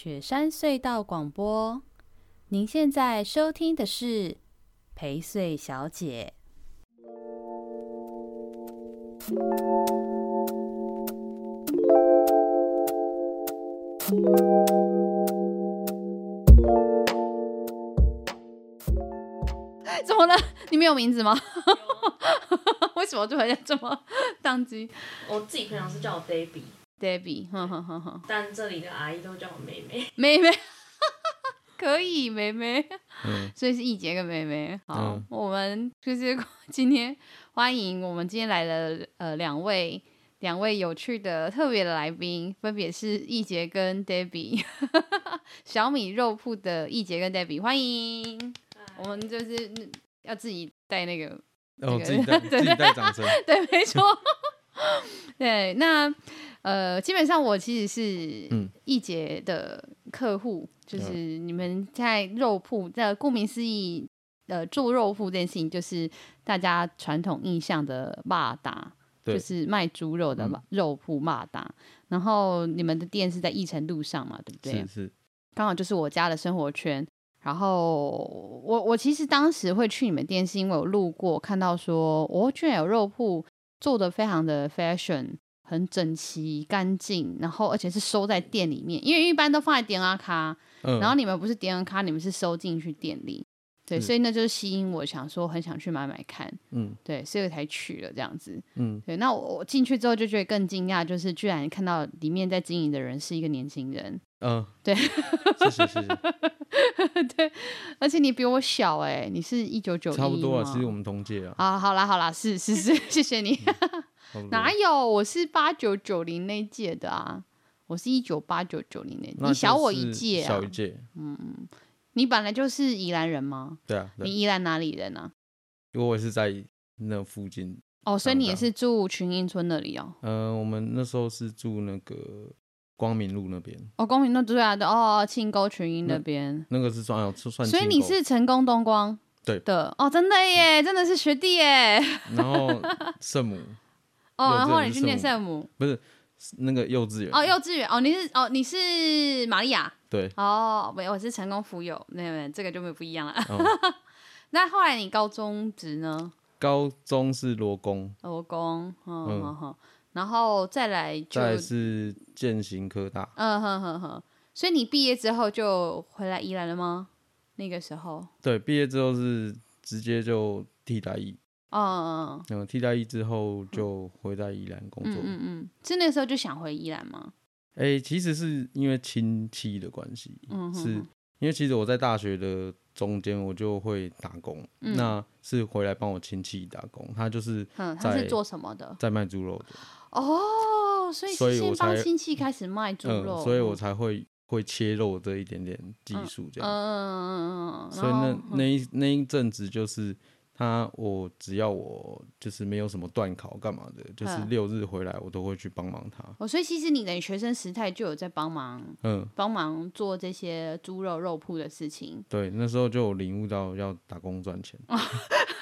雪山隧道廣播，您現在收聽的是陪睡小姐、哎。怎麼了？你沒有名字嗎？ 為什麼突然間這麼當機？我自己平常是叫我 baby Debby，哈哈哈，但這裡的阿姨都叫我妹妹，妹妹。哈哈哈，可以，妹妹， 嗯、所以是鎰榤跟妹妹。好，嗯、我們就是今天歡迎我們今天來了呃兩位兩位有趣的特別的來賓，分別是鎰榤跟 Debby，哈哈哈，小米肉鋪的鎰榤跟 Debby，歡迎。我們就是要自己帶那個這個，哦，自己帶， 對，對，對，自己帶掌聲。對，沒錯。 對，那呃，基本上我其實是鎰榤的客戶、嗯，就是你們在肉鋪，這顧名思義，呃，做肉鋪這件事情，就是大家傳統印象的馬打，就是賣豬肉的肉鋪馬打。然後你們的店是在義成路上嘛，對不對？剛好就是我家的生活圈。然後我我其實當時會去你們店，是因為我路過看到說，哦，居然有肉鋪。做的非常的 fashion，很整齊乾淨，然後而且是收在店裡面，因為一般都放在點啊卡，然後你們不是點啊卡，你們是收進去店裡。對，所以那就是吸引我想說，很想去買買看。嗯，對，所以我才去了這樣子。嗯，對，那我我進去之後就覺得更驚訝，就是居然看到裡面在經營的人是一個年輕人。嗯、呃，對，是是是， 對，而且你比我小哎、欸，你是一九九一，差不多啊，其實我們同屆啊。啊，好啦好啦，是是是，謝謝你。嗯、哪有，我是八九九零那一屆的啊，我是一九八九九零年，你小我一屆，小一屆、啊。嗯嗯。你本來就是宜蘭人嗎？對啊，對你宜蘭哪裡人啊？因為我也是在那附近哦，所以你也是住群英村那裡哦。嗯、呃，我們那時候是住那個光明路那邊哦，光明路。對啊，對哦，清溝群英那邊，那個是算啊，算。所以你是成功東光的對的哦，真的耶，真的是學弟耶。 然後聖母哦， 然後你去念聖母，聖母，聖母不是。那個幼稚園哦，幼稚園哦，你是哦，你是瑪利亞對哦，沒有我是成功附幼，那有，沒有這個就沒有不一樣了。嗯、 那後來你高中職呢？高中是羅工，羅工，嗯嗯嗯，然後再來就再來是健行科大，嗯哼哼哼，所以你畢業之後就回來宜蘭了嗎？那個時候對，畢業之後是直接就替代。嗯、oh, 嗯嗯，替代役之後就回到宜蘭工作。嗯嗯嗯，是那時候就想回宜蘭嗎？哎、欸，其實是因為親戚的關係。嗯哼哼，是因為其實我在大學的中間我就會打工，嗯、那是回來幫我親戚打工。他就是在、嗯，他是做什麼的？在賣豬肉的。哦、oh,，所以所以先幫親戚開始賣豬肉，所以我才,、嗯、所以我才會會切肉這一點點技術這樣。嗯嗯嗯嗯，所以那那一那一陣子就是。他，我只要我就是沒有什麼斷考幹嘛的，嗯、就是六日回來我都會去幫忙他。哦，所以其實你的學生時代就有在幫忙，嗯，幫忙做這些豬肉肉鋪的事情。對，那時候就領悟到要打工賺錢。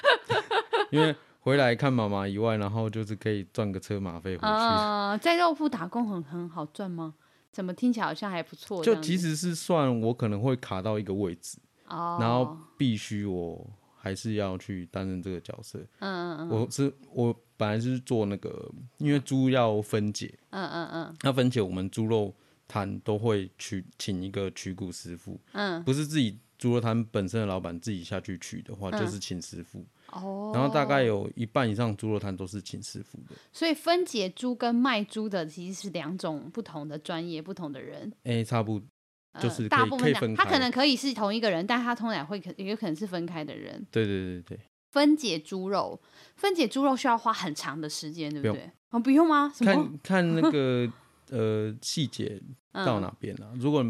因為回來看媽媽以外，然後就是可以賺個車馬費回去。呃、在肉鋪打工很很好賺嗎？怎麼聽起來好像還不錯？就其實是算我可能會卡到一個位置，哦、然後必須我。還是要去擔任這個角色。嗯嗯嗯，我是我本來是做那個，因為豬要分解。嗯嗯嗯。那分解，我們豬肉攤都會去請一個取骨師傅。嗯。不是自己豬肉攤本身的老板自己下去取的話，嗯、就是請師傅。哦、嗯。然後大概有一半以上豬肉攤都是請師傅的。所以分解豬跟賣豬的其實是兩種不同的專業，不同的人。誒、欸，差不多。就是、呃、大部分的分，他可能可以是同一個人，但他通常會可也有可能是分開的人。對對對對對，分解豬肉，分解豬肉需要花很長的時間，對不對？啊、哦，不用嗎？什麼？看看那個 呃細節到哪邊了、啊嗯？如果。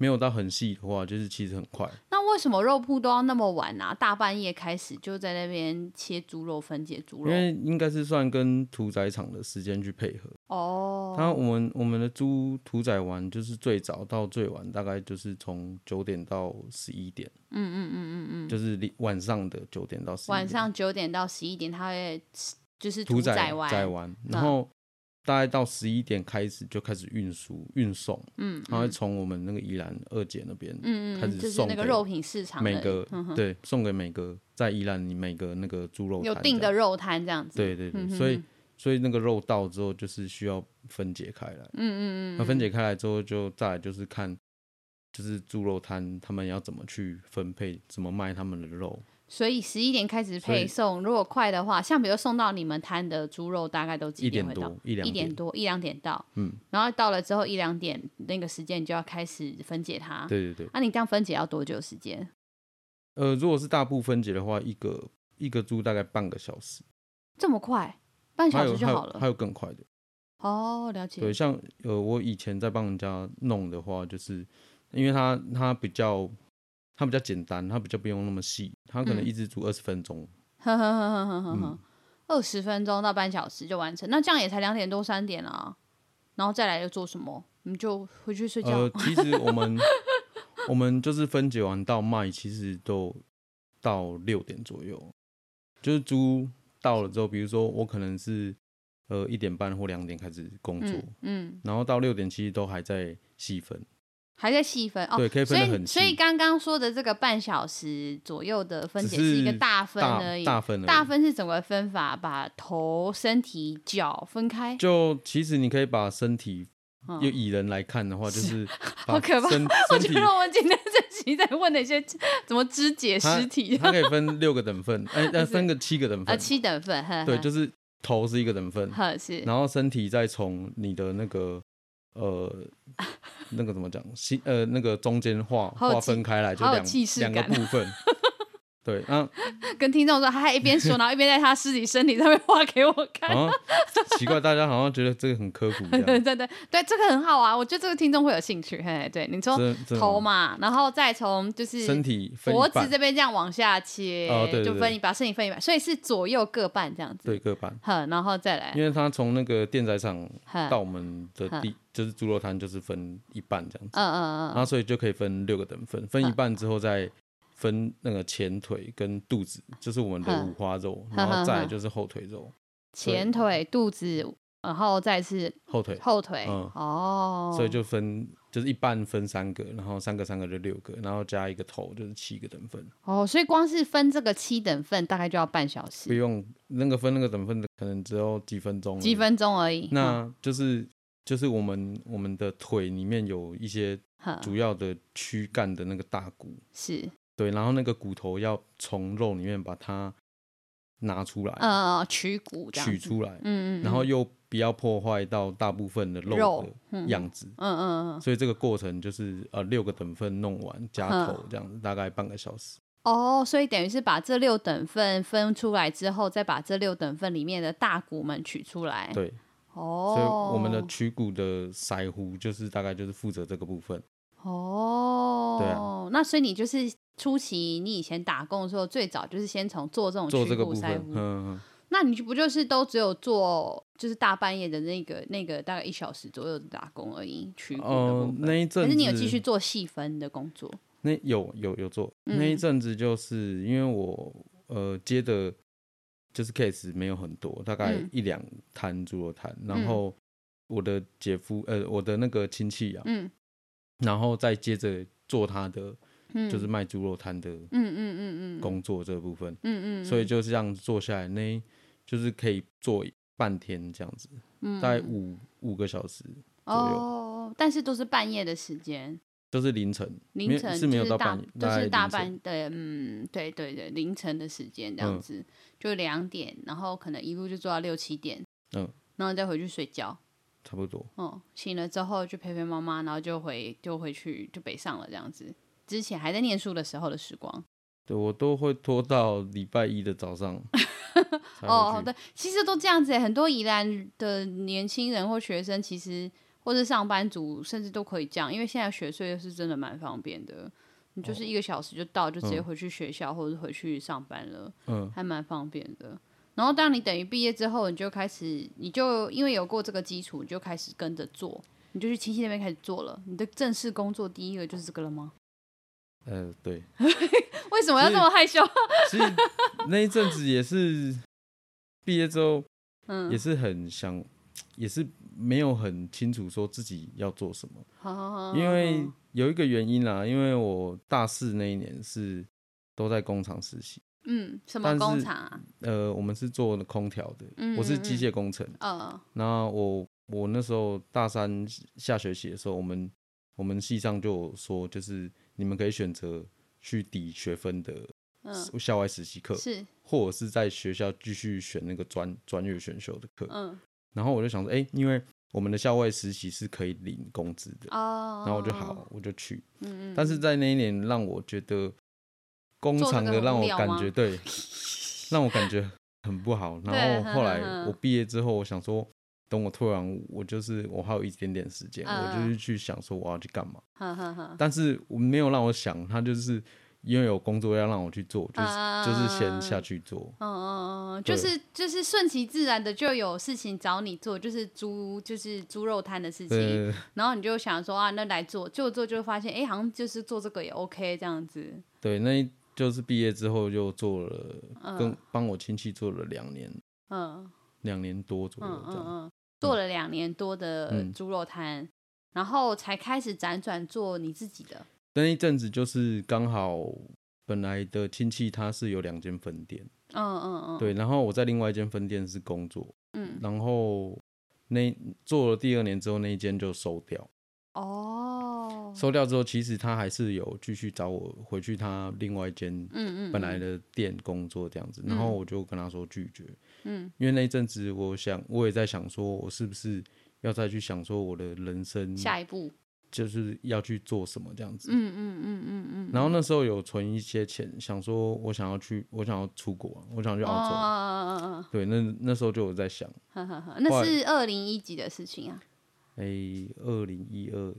沒有到很細的話，就是其實很快。那為什麼肉鋪都要那麼晚啊？大半夜開始就在那邊切豬肉、分解豬肉？因為應該是算跟屠宰場的時間去配合。哦，他我們我們的豬屠宰完，就是最早到最晚，大概就是從九點到十一點。嗯嗯嗯嗯嗯，就是晚上的九點到十。晚上九點到十一點，他會就是宰屠宰完，宰完，然後，嗯。大概到十一點開始就開始運輸、運送嗯，嗯，然後從我們那個宜蘭二姐那邊，嗯嗯，開始送，那個肉品市場每個、嗯，對，送給每個在宜蘭你每個那個豬肉有訂的肉攤這樣子，對對對，嗯、所以所以那個肉到之後就是需要分解開來，嗯嗯嗯,嗯，那分解開來之後就再來就是看，就是豬肉攤他們要怎麼去分配，怎麼賣他們的肉。所以十一點開始配送，如果快的話，像比如送到你們攤的豬肉，大概都幾點會到？一點多，一兩點。一點多，一兩點到。嗯。然後到了之後一兩點那個時間你就要開始分解它。對對對。那、啊、你這樣分解要多久時間？呃，如果是大部分解的話，一個一個豬大概半個小時。這麼快？半小時就好了。還有，還有，還有更快的。哦，了解。對，像呃，我以前在幫人家弄的話，就是因為它它比較。它比較簡單，它比較不用那麼細，它可能一直煮二十分鐘，呵呵呵呵呵呵，二 十、嗯、分鐘到半小時就完成，那這樣也才兩點多三點啊，然後再來又做什麼？你們就回去睡覺。呃，其實我們 我們就是分解完到賣，其實都到六點左右，就是豬到了之後，比如說我可能是呃一點半或兩點開始工作，嗯，嗯然後到六點其實都還在細分。還在細分哦對，可以分得很細，所以所以剛剛說的這個半小時左右的分解是一個大分而已。大、大分，大分是怎麼分法？把頭、身體、腳分開？就其實你可以把身體，用、嗯、以人來看的話，是就是好可怕。我覺得我們今天這集在在問那些怎麼肢解屍體。它可以分六個等分，哎、 欸，分個七個等分啊、呃？七等分呵呵，對，就是頭是一個等分，是，然後身體再從你的那個。呃，那個怎麼講？呃，那個中間畫劃分開來就兩、啊、兩個部分。 對、啊，跟聽眾說，他還一邊說， 然後一邊在他自己身體上面畫給我看。啊、 奇怪，大家好像覺得這個很科普一樣。 對對對，對，對，這個很好啊，我覺得這個聽眾會有興趣。嘿，嘿，對，你從頭嘛，然後再從就是身體脖子這邊這樣往下切，哦，對對對，就分一半，身體分一半，所以是左右各半這樣子。對，各半。好，然後再來，因為他從那個電宰場到我們的地。就是豬肉攤就是分一半這樣子，嗯嗯嗯，然後所以就可以分六個等分，分一半之後再分那個前腿跟肚子，嗯、就是我們的五花肉，嗯嗯嗯，然後再就是後腿肉，嗯嗯嗯，前腿肚子，然後再次後腿後腿，後腿、嗯，哦，所以就分就是一半分三個，然後三個三個就六個，然後加一個頭就是七個等分。哦，所以光是分這個七等份大概就要半小時？不用，那個分那個等分的可能只有幾分鐘，幾分鐘而已。那就是。嗯就是我們我們的腿裡面有一些主要的軀幹的那個大骨，是對，然後那個骨頭要從肉裡面把它拿出來，啊、嗯，取骨取出來，嗯嗯，然後又不要破壞到大部分的肉的肉、嗯、樣子，嗯嗯嗯，所以這個過程就是呃六個等份弄完加頭這樣子、嗯，大概半個小時。哦，所以等於是把這六等份分，分出來之後，再把這六等份裡面的大骨們取出來，對。哦、oh.，所以我們的取骨的腮鬍就是大概就是負責這個部分。哦、oh.，對啊，那所以你就是初期你以前打工的時候，最早就是先從做這種取骨腮鬍。嗯，那你不就是都只有做就是大半夜的那個那個大概一小時左右的打工而已？取骨哦、呃，那一陣子。但是你有繼續做細分的工作？那有有有做、嗯、那一陣子，就是因為我呃接的。就是 case 沒有很多，大概一兩攤豬肉攤，嗯。然後我的姐夫，呃，我的那個親戚啊，嗯、然後再接着做他的，嗯、就是賣豬肉攤的，嗯嗯嗯嗯，工作這部分，嗯嗯，嗯，嗯，嗯。所以就是這樣做下來，那就是可以做半天這樣子，嗯、大概五五個小時左右。哦、左右，但是都是半夜的時間，都、就是凌晨，凌晨沒是沒有到半夜就是大都、就是大半的，嗯，對對對，凌晨的時間這樣子。嗯就兩點，然後可能一路就坐到六七點，嗯，然後再回去睡覺，差不多。嗯，醒了之後就陪陪媽媽，然後就回就回去就北上了這樣子。之前還在念書的時候的時光，對我都會拖到禮拜一的早上。 哦，好的，其實都這樣子誒，很多宜蘭的年輕人或學生，其實或是上班族，甚至都可以這樣，因為現在雪隧是真的蠻方便的。你就是一個小時就到，哦、就直接回去學校、嗯、或者回去上班了，嗯，還蠻方便的。然後當你等於畢業之後，你就開始，你就因為有過這個基礎，你就開始跟着做，你就去親戚那邊開始做了。你的正式工作第一個就是這個了嗎？呃，對。 為什麼要這麼害羞？其實，其實那一陣子也是畢業之後，嗯，也是很想，也是。沒有很清楚說自己要做什麼，好好好，因為有一個原因啦、啊，因為我大四那一年是都在工廠實習，嗯，什麼工廠啊？呃，我們是做空調的、嗯，我是機械工程，呃、嗯，那、嗯、我我那時候大三下學期的時候，我們我們系上就有說，就是你們可以選擇去抵學分的校外實習課、嗯，是，或者是在學校繼續選那個專專業選修的課，嗯。然後我就想說，哎、欸，因為我們的校外實習是可以領工資的，oh, 然後我就好，oh. 我就去、嗯嗯。但是在那一年，讓我覺得工廠的讓我感覺對， 讓我感覺很不好。 然後後來我畢業之後，我想說，等我退完 我就是我還有一點點時間，uh. 我就是去想說我要去幹嘛。 但是我沒有讓我想，他就是。因為有工作要讓我去做，就是、uh, 就是先下去做。嗯嗯嗯，就是就是順其自然的，就有事情找你做，就是豬就是豬肉攤的事情，對對對對。然後你就想說啊，那來做，就做就發現，哎、欸，好像就是做這個也 OK 這樣子。對，那就是畢業之後就做了跟，跟、uh, 幫我親戚做了兩年，嗯，兩年多左右。嗯嗯，做了兩年多的豬肉攤，嗯、然後才開始輾轉做你自己的。那一陣子就是剛好，本來的親戚他是有兩間分店，嗯嗯嗯，對，然後我在另外一間分店是工作，嗯，然後那做了第二年之後，那一間就收掉，哦，收掉之後，其實他還是有繼續找我回去他另外一間，嗯嗯，本來的店工作這樣子，嗯嗯嗯，然後我就跟他說拒絕，嗯，因為那一陣子我想，我也在想說，我是不是要再去想說我的人生下一步。就是要去做什麼這樣子，嗯嗯嗯嗯嗯。然後那時候有存一些錢，嗯、想說我想要去，我想要出國、啊，我想去澳洲、啊哦，對，那那時候就有在想，呵呵呵那是二零一幾的事情啊？哎、欸，二零一二，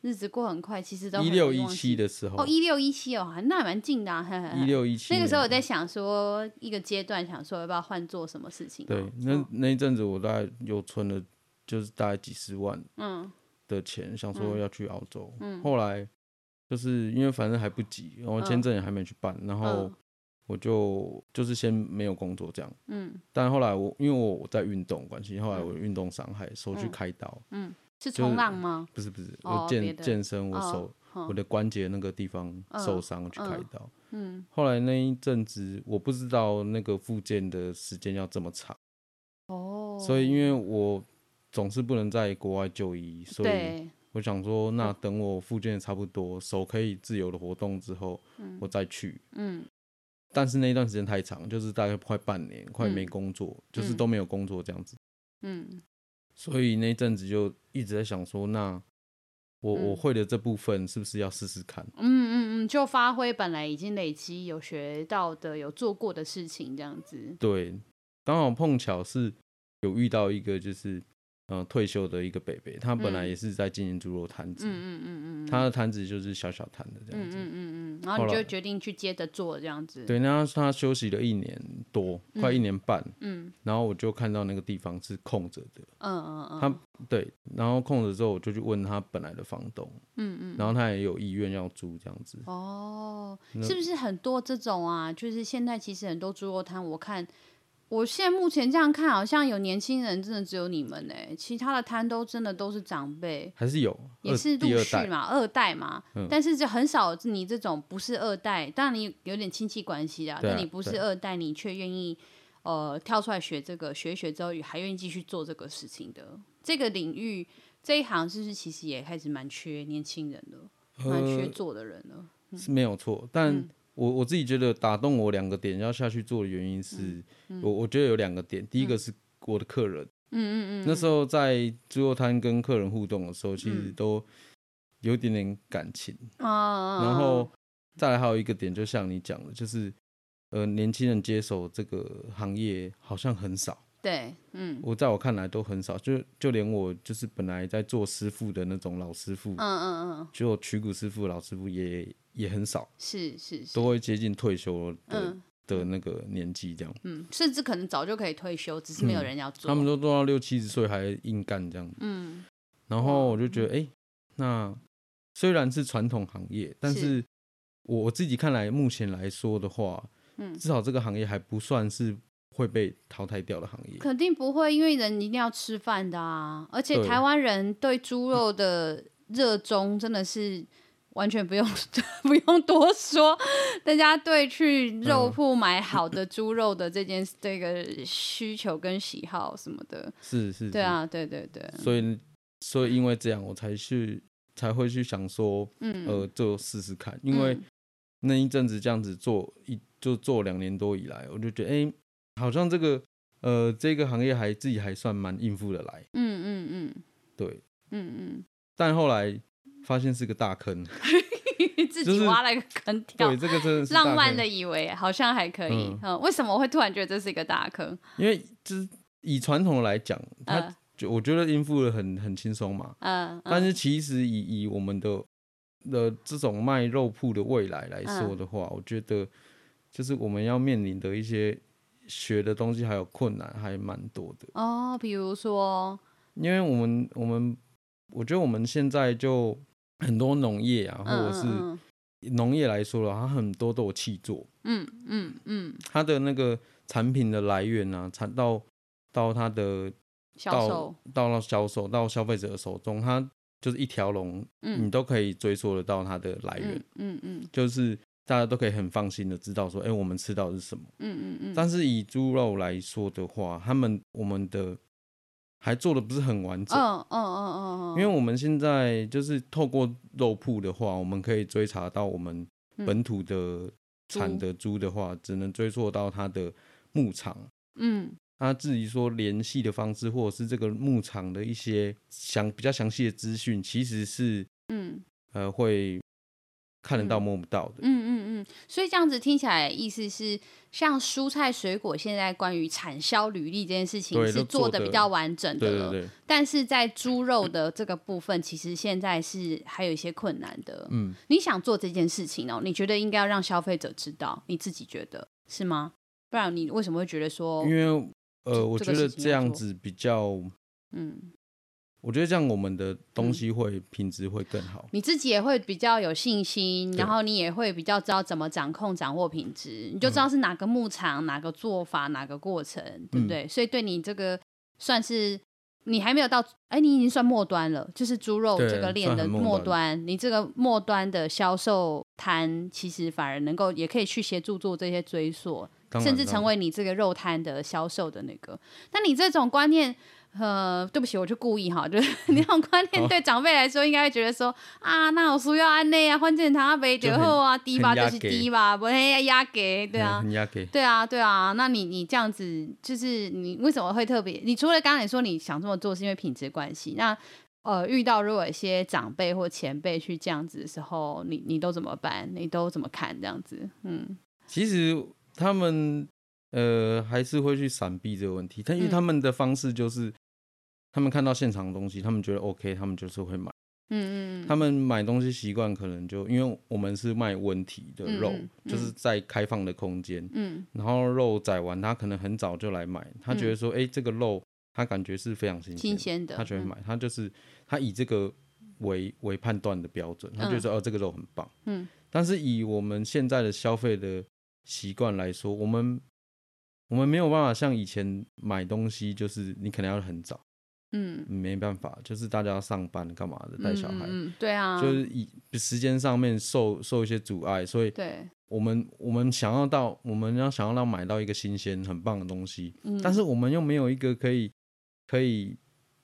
日子過很快，其實都一六一七的時候哦，一六一七哦，那還那蠻近的、啊，哈一六一七。那個時候我在想說，一個階段想說要不要換做什麼事情、啊？對，那、哦、那一陣子我大概又存了，就是大概幾十萬，嗯。的錢想說要去澳洲，嗯、後來就是因為反正還不急，然後簽證也還沒去辦，嗯、然後我就就是先沒有工作這樣。嗯，但後來我因為我在運動關係，後來我運動傷害，手去開刀。嗯，嗯，是衝浪嗎、就是？不是不是，哦、我健我健身，我手、哦、我的關節那個地方受傷、嗯、去開刀、嗯。後來那一陣子我不知道那個復健的時間要這麼長、哦。所以因為我。總是不能在國外就醫，所以我想說，那等我復健差不多、嗯，手可以自由的活動之後，嗯、我再去。嗯，但是那一段時間太長，就是大概快半年，快沒工作、嗯，就是都沒有工作這樣子。嗯，所以那陣子就一直在想說，那我、嗯、我會的這部分是不是要試試看？嗯嗯嗯，就發揮本來已經累積有學到的、有做過的事情這樣子。對，剛好碰巧是有遇到一個就是。呃，退休的一個北北，他本來也是在經營豬肉攤子，嗯嗯嗯，他的攤子就是小小攤的這樣子，嗯嗯嗯，嗯，然後你就決定去接着做這樣子，oh, 對，那他休息了一年多，嗯、快一年半，嗯，嗯，然後我就看到那個地方是空着的，嗯嗯嗯，他對，然後空着之後我就去問他本來的房東，嗯嗯，然後他也有意願要租這樣子，哦，是不是很多這種啊？就是現在其實很多豬肉攤，我看。我現在目前這樣看，好像有年輕人，真的只有你們呢、欸。其他的攤都真的都是長輩，還是有，也是陸續嘛，二，二代嘛、嗯，但是就很少你這種不是二代，當然你有點親戚關係的、啊，但你不是二代，你卻願意呃跳出來學這個，學一學之後，還願意繼續做這個事情的，這個領域這一行是，就是其實也開始蠻缺年輕人的，蠻缺做的人了，呃嗯、是沒有錯，但、嗯。我我自己覺得打動我兩個點要下去做的原因是、嗯、我我覺得有兩個點、嗯，第一個是我的客人，嗯嗯嗯，那時候在豬肉攤跟客人互動的時候，嗯、其實都有點點感情、嗯、然後再來還有一個點，就像你講的，就是呃年輕人接手這個行業好像很少。對，嗯，我在我看來都很少，就就連我就是本來在做師傅的那種老師傅，嗯嗯嗯，就取骨師傅老師傅也也很少，是是，是，都會接近退休的、嗯、的那個年紀這樣，嗯，甚至可能早就可以退休，只是沒有人要做，嗯、他們都做到六七十歲還硬幹這樣，嗯，然後我就覺得，哎、嗯欸，那雖然是傳統行業，是但是我我自己看來目前來說的話，嗯，至少這個行業還不算是。會被淘汰掉的行業肯定不會，因為人一定要吃飯的啊！而且台灣人對豬肉的熱衷真的是完全不用 不用多說，大家對去肉鋪買好的豬肉的這件這個需求跟喜好什麼的，是是，是，對啊， 對，對對對，所以所以因為這樣，我才去才會去想說，嗯呃，就試試看，因為那一陣子這樣子做一就做兩年多以來，我就覺得哎。欸好像這個呃這個行業還自己還算蠻應付的來，嗯嗯嗯，對，嗯嗯，但後來發現是個大坑， 自己挖了一個坑、就是就是，對，這個真的是浪漫的以為好像還可以，嗯，嗯為什麼會突然覺得這是一個大坑？因為就是以傳統來講，他就我覺得應付的很很輕鬆嘛，嗯嗯，但是其實以以我們的的這種賣肉鋪的未來來說的話、嗯，我覺得就是我們要面臨的一些。學的東西還有困難，還蠻多的哦。比如說，因為我們我們我覺得我們現在就很多農業啊、嗯，或者是農、嗯、業來說了，它很多都有契作。嗯嗯嗯，它、嗯、的那個產品的來源啊，產到到它的銷售到了銷售到消費者的手中，它就是一條龍、嗯，你都可以追溯得到它的來源。嗯嗯，嗯，就是。大家都可以很放心的知道說，哎、欸，我們吃到的是什麼。嗯嗯嗯。但是以豬肉來說的話，他們我們的還做的不是很完整。嗯嗯嗯嗯，因為我們現在就是透過肉鋪的話，我們可以追查到我們本土的產的豬的話、嗯，只能追溯到它的牧場。嗯。那至於說聯繫的方式，或者是這個牧場的一些詳比較詳細的資訊，其實是嗯呃會。看得到摸不到的。嗯嗯嗯，所以這樣子聽起來，意思是像蔬菜水果，現在關於產銷履歷這件事情是做的比較完整的了？對的對對對，但是在豬肉的這個部分，其實現在是還有一些困難的。嗯，你想做這件事情呢、哦？你覺得應該要讓消費者知道？你自己覺得是嗎？不然你為什麼會覺得說？因為呃，我覺得這樣子比較，嗯。我覺得這樣，我們的東西會品質會更好，嗯。你自己也會比較有信心，然後你也會比較知道怎麼掌控掌握品質，你就知道是哪個牧場、嗯、哪個做法、哪個過程，對不對？嗯、所以對你這個算是你還沒有到，哎，你已經算末端了，就是豬肉這個鏈的末端、末端。你這個末端的銷售攤，其實反而能夠也可以去協助做這些追溯，甚至成為你這個肉攤的銷售的那個。但你這種觀念。呃，對不起，我就故意哈，就是你這種觀念對長輩來說，應該會覺得說、哦、啊，那我叔要安淚啊，換健康要杯酒後啊，低、啊、吧就是低吧，不要壓給，對啊，嗯、壓給，對啊，對啊，那你你這樣子就是你為什麼會特別？你除了剛才你說你想這麼做，是因為品質關係，那呃，遇到如果一些長輩或前輩去這樣子的時候，你你都怎麼辦？你都怎麼看這樣子？嗯，其實他們。呃，還是會去閃避這個問題，但因為他們的方式就是，嗯、他們看到現場的東西，他們覺得 OK，他們就是會買。嗯嗯，他們買東西習慣可能就，因為我們是賣溫體的肉，嗯嗯，就是在開放的空間。嗯。然後肉宰完，他可能很早就來買，嗯、他覺得說，哎，欸，這個肉他感覺是非常新鮮，新鮮的，他覺得買、嗯。他就是他以這個為為判斷的標準，他覺得說、嗯、哦，這個肉很棒，嗯。但是以我們現在的消費的習慣來說，我們。我們沒有辦法像以前買東西，就是你可能要很早，嗯，沒辦法，就是大家要上班幹嘛的，帶小孩，嗯嗯，對啊，就是以時間上面受受一些阻礙，所以，對，我們我們想要到我們要想要讓買到一個新鮮很棒的東西、嗯，但是我們又沒有一個可以可以，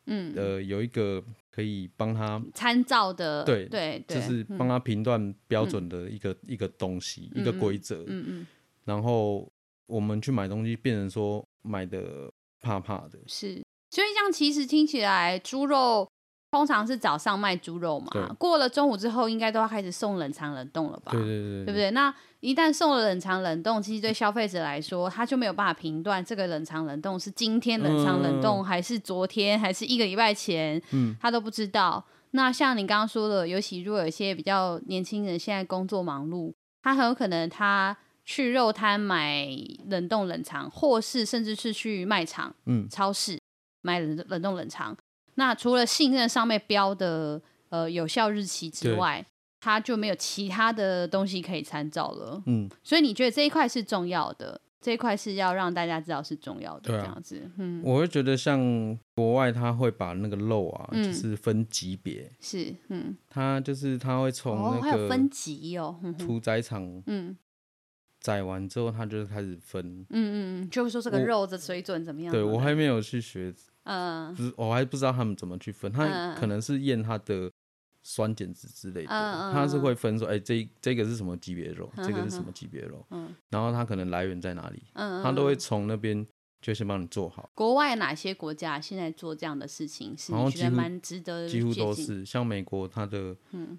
嗯，呃，有一個可以幫他參照的，對對，就是幫他評斷標準的一個、嗯、一個東西、嗯嗯、一個規則、嗯嗯，然後。我們去買東西，變成說買得怕怕的，是。所以這樣其實聽起來，豬肉通常是早上賣豬肉嘛，過了中午之後，應該都要開始送冷藏冷凍了吧？對對對，對，對不對？那一旦送了冷藏冷凍，其實對消費者來說，他就沒有辦法評斷這個冷藏冷凍是今天冷藏冷凍、嗯，還是昨天，還是一個禮拜前，嗯，他都不知道。那像你剛剛說的，尤其如果有一些比較年輕人，現在工作忙碌，他很有可能他。去肉攤買冷凍冷藏，或是甚至是去賣場、嗯，超市買冷凍冷凍冷藏。那除了信任上面標的呃有效日期之外，它就沒有其他的東西可以參照了。嗯，所以你覺得這一塊是重要的，這一塊是要讓大家知道是重要的、啊，這樣子。嗯，我會覺得像國外他會把那個肉啊，嗯、就是分級別，是，嗯，他就是他會從哦，還有分級哦，屠 宰場，嗯。宰完之後，他就開始分。嗯嗯，就是說這個肉的水準怎麼樣？對，我還沒有去學，嗯不是，我還不知道他們怎麼去分。嗯、他可能是驗他的酸鹼值之類的、嗯，他是會分說，哎、欸，這這個是什麼級別肉，這個是什麼級別肉、嗯這個是什麼級別肉嗯嗯，然後他可能來源在哪裡，嗯、他都會從那邊就先幫你、嗯嗯嗯、你做好。國外哪些國家現在做這樣的事情，是覺得蠻值得幾？幾乎都是，像美國，他的嗯。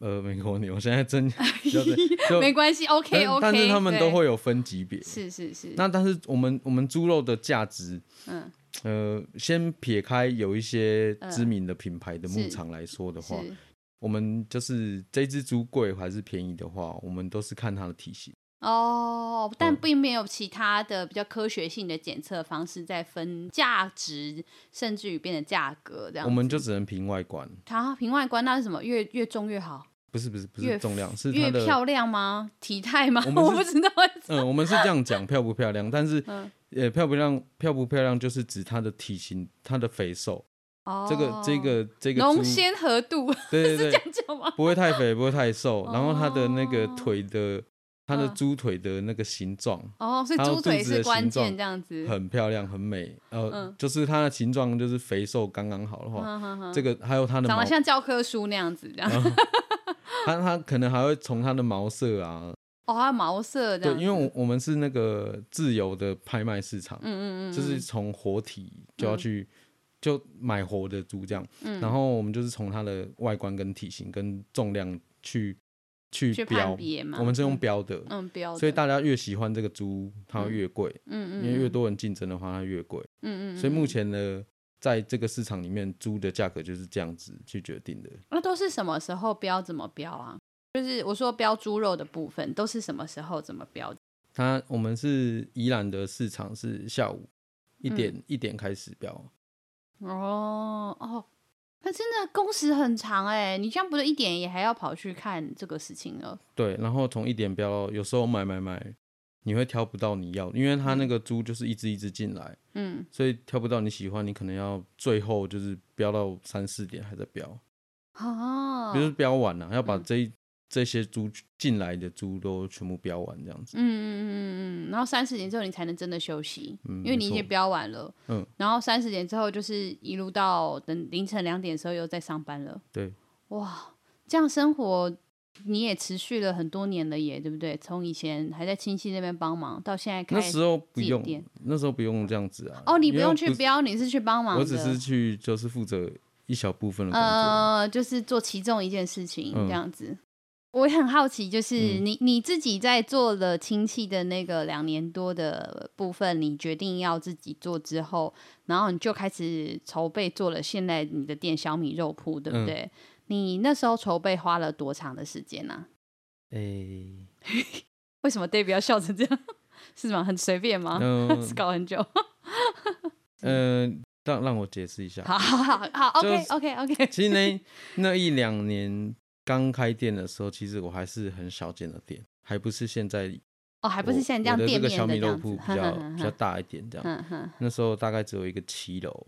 呃，美國牛，我現在真就 沒關係，OK OK，但是他們都會有分級別，是是是。那但是我們我們豬肉的價值，嗯，呃，先撇開有一些知名的品牌的牧場來說的話，嗯、我們就是這隻豬貴還是便宜的話，我們都是看它的體型。哦，但並沒有其他的比較科學性的檢測方式在分價值，甚至於變成價格這樣。我們就只能憑外觀，它、啊、憑外觀那是什麼？越越重越好。不是不是不是，重量，越是越漂亮嗎？體態嗎？我？我不知道為什麼。嗯，我們是這樣講， 漂不漂亮？但是，呃，漂不漂亮，漂不漂亮，就是指它的體型，它的肥瘦。哦，這個這個這個穠纖合度，對對對，是這樣講嗎？不會太肥，不會太瘦，然後它的那個腿的，它、哦、的豬腿的那個形狀，哦，所以豬腿是關鍵，這樣子，子很漂亮，很美。呃，哦、就是它的形狀，就是肥瘦剛剛好的話、嗯，這個、嗯、還有它的長得像教科書那樣子，這樣。他、啊、他可能還會從它的毛色啊，哦，他毛色的，對，因為我我們是那個自由的拍賣市場，嗯嗯嗯、嗯，就是從活體就要去、嗯、就買活的豬這樣，嗯，然後我們就是從它的外觀跟體型跟重量去去標，我們是用標的，嗯標、嗯，所以大家越喜歡這個豬，它越貴，嗯嗯，因為越多人競爭的話，它越貴，嗯嗯、嗯嗯，所以目前呢。在這個市場裡面，豬的價格就是這樣子去決定的。那、啊、都是什麼時候標？怎麼標啊？就是我說標豬肉的部分，都是什麼時候怎麼標？它、啊、我們是宜蘭的市場，是下午一點一、嗯、點開始標。哦哦，它真的工時很長哎、欸！你這樣不是一點也還要跑去看這個事情了？對，然後從一點標，有時候買買買。你會挑不到你要，因為他那個豬就是一隻一隻進來，嗯，所以挑不到你喜歡，你可能要最後就是標到三四點還在標，哦、啊，比如是標完啦、啊，要把這、嗯、這些豬進來的豬都全部標完這樣子，嗯嗯嗯嗯嗯，然後三四點之後你才能真的休息，嗯、因為你已經標完了，嗯，然後三四點之後就是一路到等凌晨兩點的時候又在上班了，對，哇，這樣生活。你也持續了很多年了，耶，對不對？從以前還在親戚那邊幫忙，到現在開始。那時候不用那時候不用這樣子啊。哦，你不用去標，你是去幫忙的。我只是去，就是負責一小部分的工作，呃，就是做其中一件事情、嗯、這樣子。我也很好奇，就是、嗯、你你自己在做了親戚的那個兩年多的部分，你決定要自己做之後，然後你就開始籌備做了現在你的店小米肉鋪，對不對？嗯你那時候籌備花了多長的時間呢、啊？誒、欸，為什麼 Debby 要笑成這樣？是嗎？很隨便嗎？呃、 搞很久。 呃，讓讓我解釋一下。好好好，好，好 OK OK OK。其實呢，那一兩年剛開店的時候，其實我還是很小間的店，還不是現在。哦，還不是像你這樣店面的這樣，個小米肉舖比較呵呵呵比較大一點這樣呵呵。那時候大概只有一個七樓，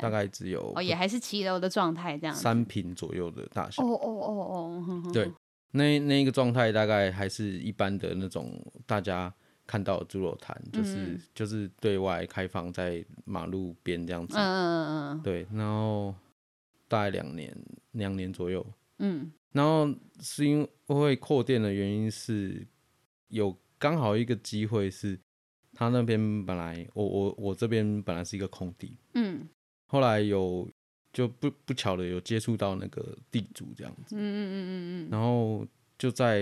大概只有哦，也還是七樓的狀態這樣。三坪左右的大小。哦哦哦哦、嗯嗯，對，那那一個狀態大概還是一般的那種大家看到的豬肉攤，就是、嗯、就是對外開放在馬路邊這樣子。嗯嗯嗯嗯。對，然後大概兩年，兩年左右。嗯，然後是因為擴店的原因是有。剛好一個機會是，他那邊本來我我我這邊本來是一個空地，嗯，後來有就不不巧的有接觸到那個地主這樣子，嗯嗯嗯嗯，然後就在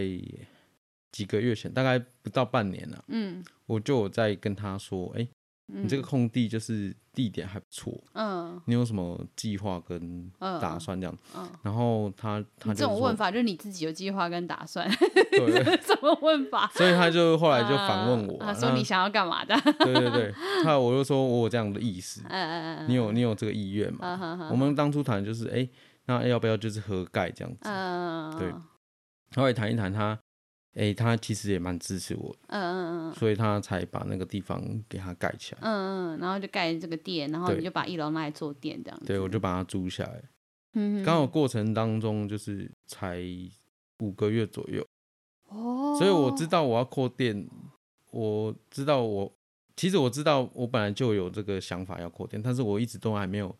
幾個月前，大概不到半年了，嗯，我就有在跟他說，哎，欸。嗯、你這個空地就是地點還不錯，嗯，你有什麼計劃跟打算這樣？嗯嗯、然後他、嗯、他，他這種問法就是你自己有計劃跟打算，對，對,對，什 麼問法？所以他就後來就反問我，啊啊、說你想要幹嘛的？對對對，那我就說我有這樣的意思，啊、你有你有這個意願嗎、啊啊啊、我們當初談就是哎、欸，那要不要就是合蓋這樣子？啊、對，他會談一談他。誒、欸，他其實也蠻支持我，嗯嗯嗯，所以他才把那個地方給他蓋起來，嗯嗯，然後就蓋這個店，然後你就把一樓拿來做店這樣，對，我就把它租下來，剛、嗯、好過程當中就是才五個月左右、哦，所以我知道我要擴店，我知道我其實我知道我本來就有這個想法要擴店，但是我一直都還沒有。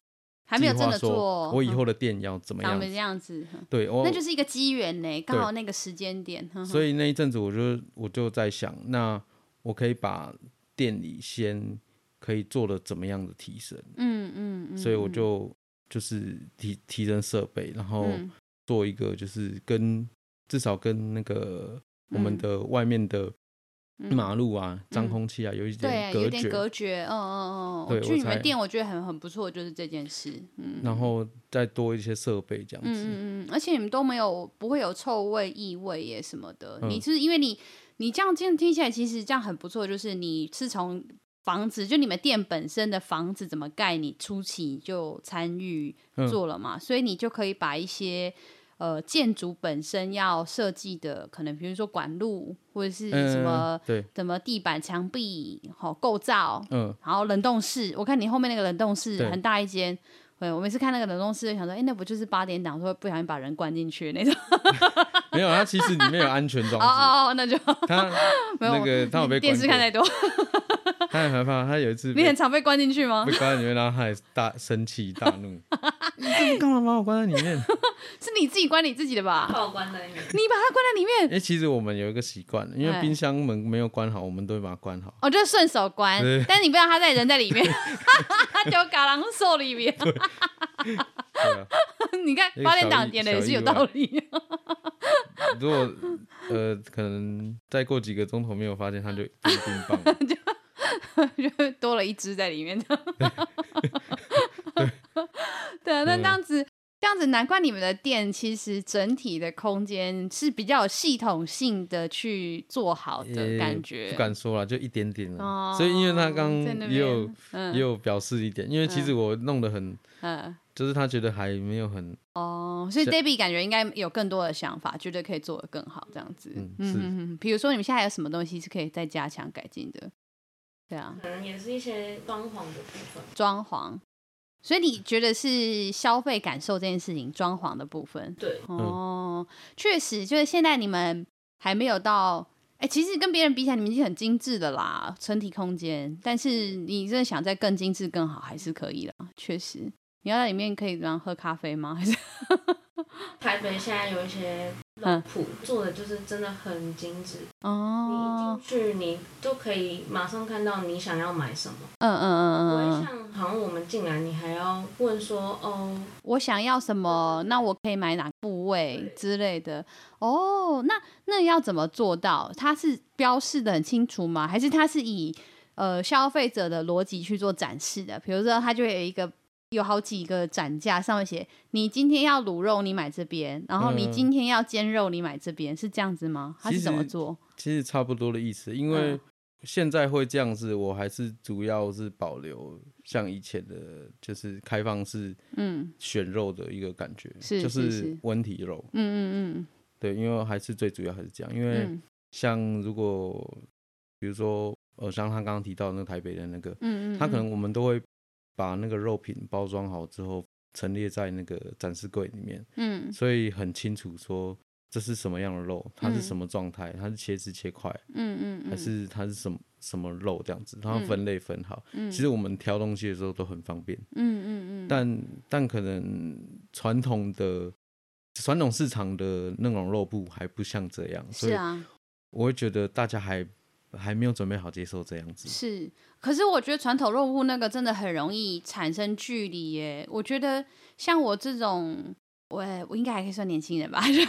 還沒有真的做，我以後的店要怎麼樣？嗯，像這樣子，對，那就是一個機緣呢，剛好那個時間點呵呵。所以那一陣子，我就我就在想，那我可以把店裡先可以做了怎麼樣的提升？嗯嗯，嗯，所以我就就是提提升設備，然後做一個就是跟至少跟那個我們的外面的。馬路啊，髒、嗯、空氣啊，有一點隔絕。對、嗯，有點隔絕。嗯嗯嗯。嗯嗯，我去你們店我覺得很很不錯，就是這件事。嗯。然後再多一些設備這樣子嗯。嗯，而且你們都沒有，不會有臭味、異味也什麼的，嗯。你是因為你，你這樣聽聽起來，其實這樣很不錯，就是你是從房子，就你們店本身的房子怎麼蓋，你初期就參與做了嘛，嗯，所以你就可以把一些。呃，建築本身要設計的可能，比如說管路或者是什麼，嗯、對，什麼地板、牆壁、好、哦、構造，嗯，然後冷凍室，我看你後面那個冷凍室很大一間，對，我每次看那個冷凍室，就想說，哎、欸，那不就是八點檔，說不小心把人灌進去那種。 沒有，啊，其實你沒有安全裝置。哦哦，哦，那就他那個沒有，他沒有被關，電視看太多， 他很害怕。他有一次，你很常被關進去嗎？被關在裡面，然後他還大生氣大怒。你 幹嘛把我關在裡面？ 是你自己關你自己的吧？把我關在裡面，你把他關在裡面。哎， 其實我們有一個習慣，因為冰箱門沒有關好，我們都會把它關好。我、哦、就順手關是，但你不知道他在人在裡面， 他就嘎狼瘦裡面。好 對 你看八點檔點的也是有道理。 如果呃，可能再過幾個鐘頭沒有發現，它就一定棒了 就，就多了一隻在裡面的 對。對啊，那這樣子，嗯、這樣子，難怪你們的店其實整體的空間是比較有系統性的去做好的感覺。欸、不敢說了，就一點點了。哦、所以，因為他剛也有、嗯、也有表示一點，因為其實我弄得很嗯。嗯就是他覺得還沒有很哦，所以 Debby 感覺應該有更多的想法，覺得可以做得更好這樣子。嗯嗯，嗯，嗯，比如說你們現在還有什麼東西是可以再加強改進的？對啊，可能也是一些裝潢的部分。裝潢，所以你覺得是消費感受這件事情，裝潢的部分？對。哦，嗯，確實，就是現在你們還沒有到，哎、欸，其實跟別人比起來，你們已經很精緻的啦，整體空間。但是你真的想再更精緻更好，還是可以的，確實。你要在裡面可以怎樣喝咖啡嗎？ 台北現在有一些老鋪、嗯、做的就是真的很精致哦、嗯。你進去你就可以馬上看到你想要買什麼？嗯嗯嗯嗯。嗯嗯不會像好像我們進來，你還要問說哦，我想要什麼？那我可以買哪個部位之類的？哦，那那要怎麼做到？它是標示的很清楚嗎？還是它是以呃消費者的邏輯去做展示的？比如說，它就會有一個。有好幾個展架，上面寫“你今天要滷肉，你買這邊”，然後“你今天要煎肉，你買這邊、嗯”，是這樣子嗎？還是怎麼做其？其實差不多的意思，因為現在會這樣子，我還是主要是保留像以前的，就是開放式，嗯，選肉的一個感覺，嗯、就是溫體肉是是是，嗯嗯嗯，對，因為還是最主要還是這樣，因為像如果比如說，呃，像他剛剛提到那個台北的那個，嗯嗯、嗯，他可能我們都會。把那個肉品包裝好之後，陳列在那個展示櫃裡面。嗯，所以很清楚說這是什麼樣的肉，它是什麼狀態、嗯，它是切絲切塊，嗯嗯，嗯，還是它是什麼什麼肉這樣子，它分類分好。嗯、其實我們挑東西的時候都很方便。嗯嗯嗯。但但可能傳統的傳統市場的那種肉舖還不像這樣。是啊。所以我會覺得大家還還沒有準備好接受這樣子。是。可是我覺得傳統肉鋪那個真的很容易產生距離耶。我覺得像我這種，我我應該還可以算年輕人吧？嗯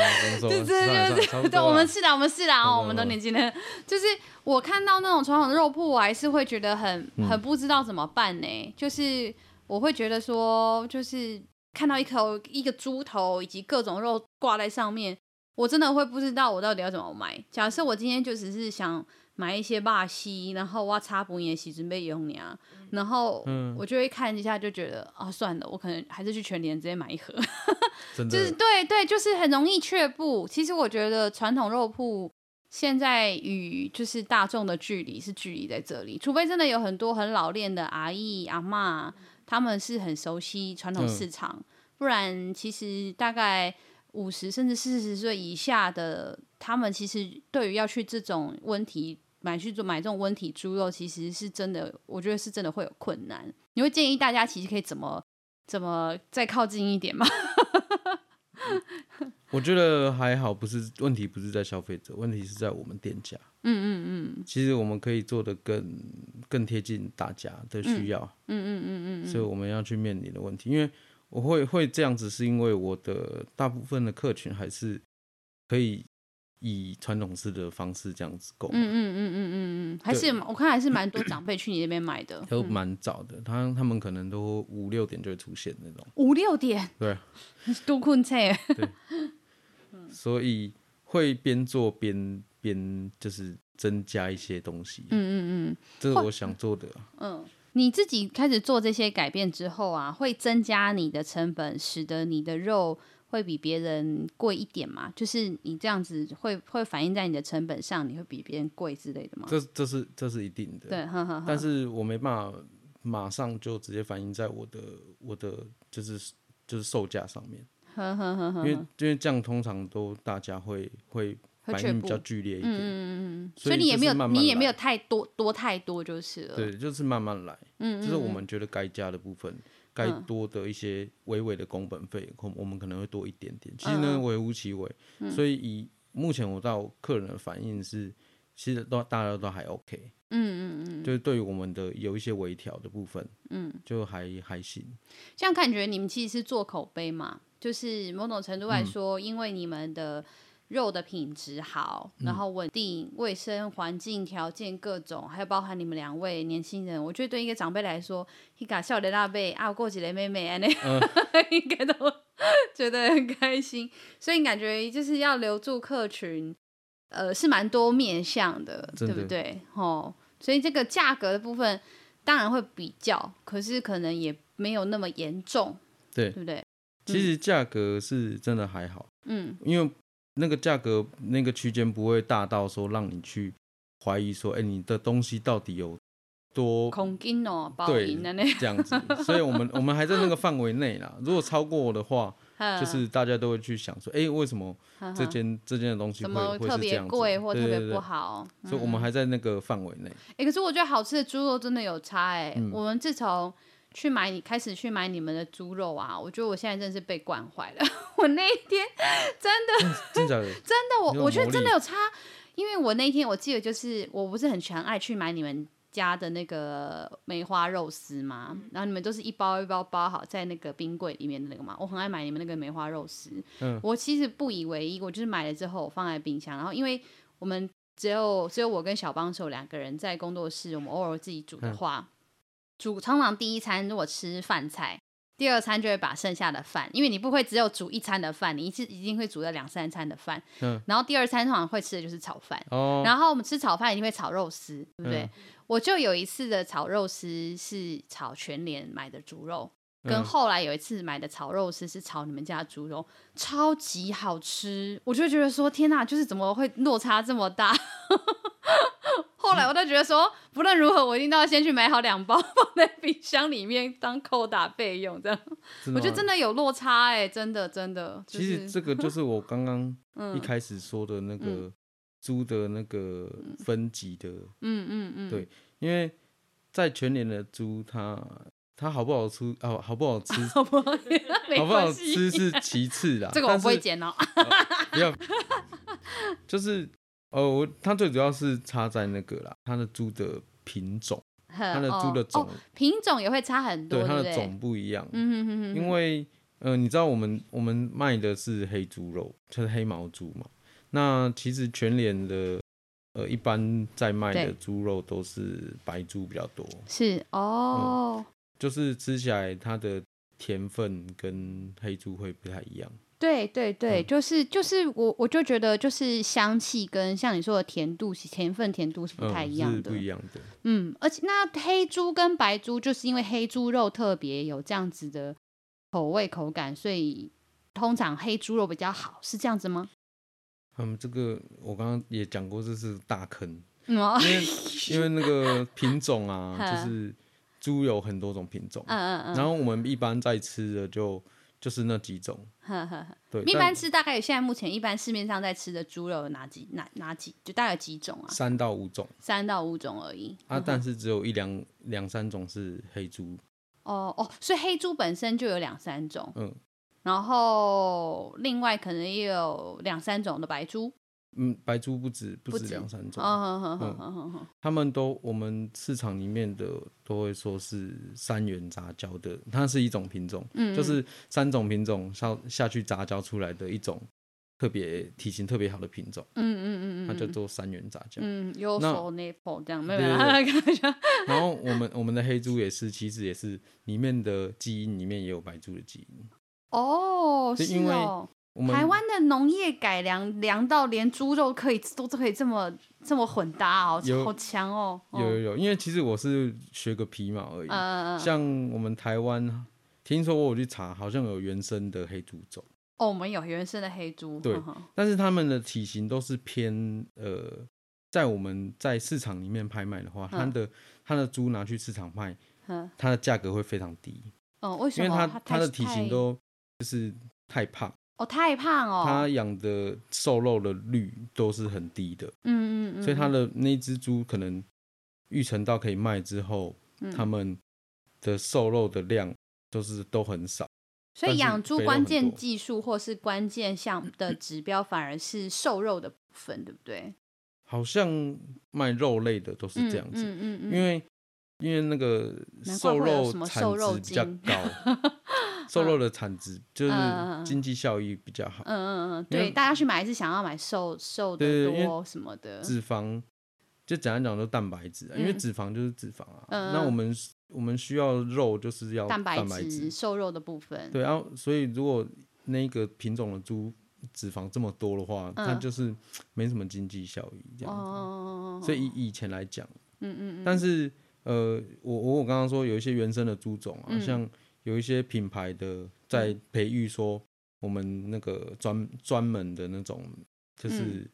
啊、真 就哈、是、哈對我們是的，我們是的啊，我們都年輕人。就是我看到那種傳統肉鋪，我還是會覺得很、嗯、很不知道怎麼辦呢。就是我會覺得說，就是看到一口一個豬頭以及各種肉掛在上面，我真的會不知道我到底要怎麼買。假設我今天就只是想。買一些巴西，然後挖擦不也洗準備用呢，然後我就會看一下就覺得啊、嗯哦、算了，我可能還是去全聯直接買一盒， 就是對對，就是很容易卻步。其實我覺得傳統肉鋪現在與就是大眾的距離是距離在這裡，除非真的有很多很老練的阿姨阿媽，他們是很熟悉傳統市場、嗯，不然其實大概五十甚至四十歲以下的他們，其實對於要去這種溫體。買去做買這種溫體豬肉，其實是真的，我覺得是真的會有困難。你會建議大家其實可以怎麼怎麼再靠近一點嗎？ 嗯、我覺得還好，不是問題，不是在消費者，問題是在我們店家。嗯嗯嗯，其實我們可以做得更更貼近大家的需要。嗯嗯，嗯嗯嗯嗯，所以我們要去面臨的問題，因為我會會這樣子，是因為我的大部分的客群還是可以。以傳統式的方式這樣子供。嗯嗯嗯嗯嗯嗯，還是我看還是蠻多長輩去你那邊買的， 都蠻早的，嗯、他他們可能都五六點就會出現那種，五六點，對， 多困車，嗯，所以會邊做邊邊就是增加一些東西，嗯嗯嗯，這是、個、我想做的、啊，嗯，你自己開始做這些改變之後啊，會增加你的成本，使得你的肉。會比別人貴一點嘛？就是你這樣子會會反映在你的成本上，你會比別人貴之類的嗎？這這是這是一定的。對，呵呵呵。但是我沒辦法馬上就直接反映在我的我的就是就是售價上面，呵呵呵呵。因為因為這樣，通常都大家會會反映比較劇烈一點，嗯嗯嗯嗯，所以所以你也沒有慢慢，你也沒有太多多太多，就是了，對，就是慢慢來，嗯嗯嗯。就是我們覺得該加的部分，多的一些微微的工本費，我、嗯、我們可能會多一點點，嗯、其實呢微乎其微、嗯，所以以目前我到客人的反應是，其實都大家都還 OK，嗯嗯嗯，就是對於我們的有一些微調的部分，嗯，就還還行，這樣，感覺你們其實是做口碑嘛，就是某種程度來說，嗯、因為你們的。肉的品質好，然後穩定、衛生、環境條件各種、嗯，還有包含你們兩位年輕人，我覺得對一個長輩來說，那個啊、一個笑，的阿伯啊，過節的妹妹，安內、呃、 應該都覺得很開心。所以感覺就是要留住客群，呃，是蠻多面向的，的，對不對？哦，所以這個價格的部分當然會比較，可是可能也沒有那麼嚴重，對對不對？其實價格是真的還好，嗯，因為。那個價格那個區間不會大到說讓你去懷疑說，哎、欸，你的東西到底有多對這樣子，所以我們我們還在那個範圍內啦。如果超過我的話呵呵，就是大家都會去想說，哎、欸，為什麼這間這間的東西會麼特別貴或特別不好對對對，嗯？所以我們還在那個範圍內。哎、欸，可是我覺得好吃的豬肉真的有差哎、欸、嗯。我們自從去買你開始去買你們的豬肉啊！我覺得我現在真是被慣壞了。 我那一天真的、嗯、真的的 真的，我我覺得真的有差，因為我那天我記得就是我不是很全愛去買你們家的那個梅花肉絲嘛，然後你們都是一包一包包好在那個冰櫃裡面的那個嘛，我很愛買你們那個梅花肉絲、嗯。我其實不以為意，我就是買了之後我放在冰箱，然後因為我們只有只有我跟小幫手兩個人在工作室，我們偶爾自己煮的話。嗯煮通常第一餐如果吃飯菜，第二餐就會把剩下的飯，因為你不會只有煮一餐的飯，你一次一定會煮了兩三餐的飯。嗯，然後第二餐通常會吃的就是炒飯。哦，然後我們吃炒飯一定會炒肉絲，對不對？嗯，我就有一次的炒肉絲是炒全聯買的豬肉。跟後來有一次買的炒肉絲是炒你們家豬肉、嗯，超級好吃，我就覺得說天哪、啊，就是怎麼會落差這麼大？ 後來我都覺得說，不論如何，我一定都要先去買好兩包放在冰箱裡面當扣打備用，這樣。我覺得真的有落差哎、欸，真的真的。其實、就是、這個就是我剛剛一開始說的那個豬的那個分級的，嗯嗯嗯，嗯，對，因為在全年的豬它。它好不好吃？好、哦、好不好吃？ 好不好吃是其次啦。這個我不會剪哦。 呃、不要，就是哦、呃，它最主要是差在那個啦，它的豬的品種，它的豬的種、哦哦、品種也會差很多，對，它的種不一樣。嗯哼哼哼哼。因為呃，你知道我們我們賣的是黑豬肉，就是黑毛豬嘛。那其實全聯的、呃、一般在賣的豬肉都是白豬比較多。是哦。呃就是吃起來它的甜分跟黑豬會不太一樣。對對對，嗯、就是就是我我就覺得就是香氣跟像你說的甜度甜分甜度是不太一樣的，嗯、是不一樣的。嗯，而且那黑豬跟白豬就是因為黑豬肉特別有這樣子的口味口感，所以通常黑豬肉比較好，是這樣子嗎？嗯，這個我剛剛也講過，這是大坑，嗯、哦、因為 因為那個品種啊， 就是。豬有很多種品種，嗯嗯嗯，然後我們一般在吃的就就是那幾種，哈哈，對，一般吃大概現在目前一般市面上在吃的豬肉有哪幾哪哪幾就大概有幾種啊？三到五種，三到五種而已。啊，呵呵，但是只有一兩兩三種是黑豬。哦哦，所以黑豬本身就有兩三種，嗯，然後另外可能也有兩三種的白豬。嗯，白豬不止不止兩三種，好好好好，嗯嗯嗯嗯，他們都我們市場裡面的都會說是三元雜交的，它是一種品種，嗯，嗯，就是三種品種下下去雜交出來的一種特別體型特別好的品種，嗯嗯嗯嗯，它叫做三元雜交，嗯，so、nippo, 對對對對 然後我們我們的黑豬也是，其實也是裡面的基因裡面也有白豬的基因，哦，是因為。我們台灣的農業改良，良到連豬肉可以都都可以這麼這麼混搭哦，好強哦！有、喔嗯、有有，因為其實我是學個皮毛而已。嗯、呃、嗯像我們台灣，聽說我有去查，好像有原生的黑豬種。哦，我們有原生的黑豬。對呵呵。但是他們的體型都是偏呃，在我們在市場裡面拍賣的話，它的它、嗯、的豬拿去市場賣，它的價格會非常低。哦、呃，為什麼？因為它它的體型都就是太胖。我、哦、太胖哦！他養的瘦肉的率都是很低的，嗯嗯，嗯所以他的那隻豬可能育成到可以賣之後，他、嗯、們的瘦肉的量都是都很少。所以養豬關鍵，關鍵技術或是關鍵項目的指標反而是瘦肉的部分，嗯嗯，對不對？好像賣肉類的都是這樣子，嗯嗯，嗯，嗯因為因為那個瘦肉產值什麼瘦肉比較高。 瘦肉的產值就是經濟效益比較好。嗯嗯嗯，對，大家去買還是想要買瘦瘦的多什麼的脂肪，就簡單講，就蛋白質、嗯，因為脂肪就是脂肪啊。嗯，那我們我們需要肉，就是要蛋白質，瘦肉的部分。對，啊，所以如果那個品種的豬脂肪這麼多的話，嗯、它就是沒什麼經濟效益這樣子。哦哦哦、嗯。所以以、以前來講，嗯,嗯嗯。但是呃，我我我剛剛說有一些原生的豬種啊，嗯、像。有一些品牌的在培育，說我們那個專專門的那種，就是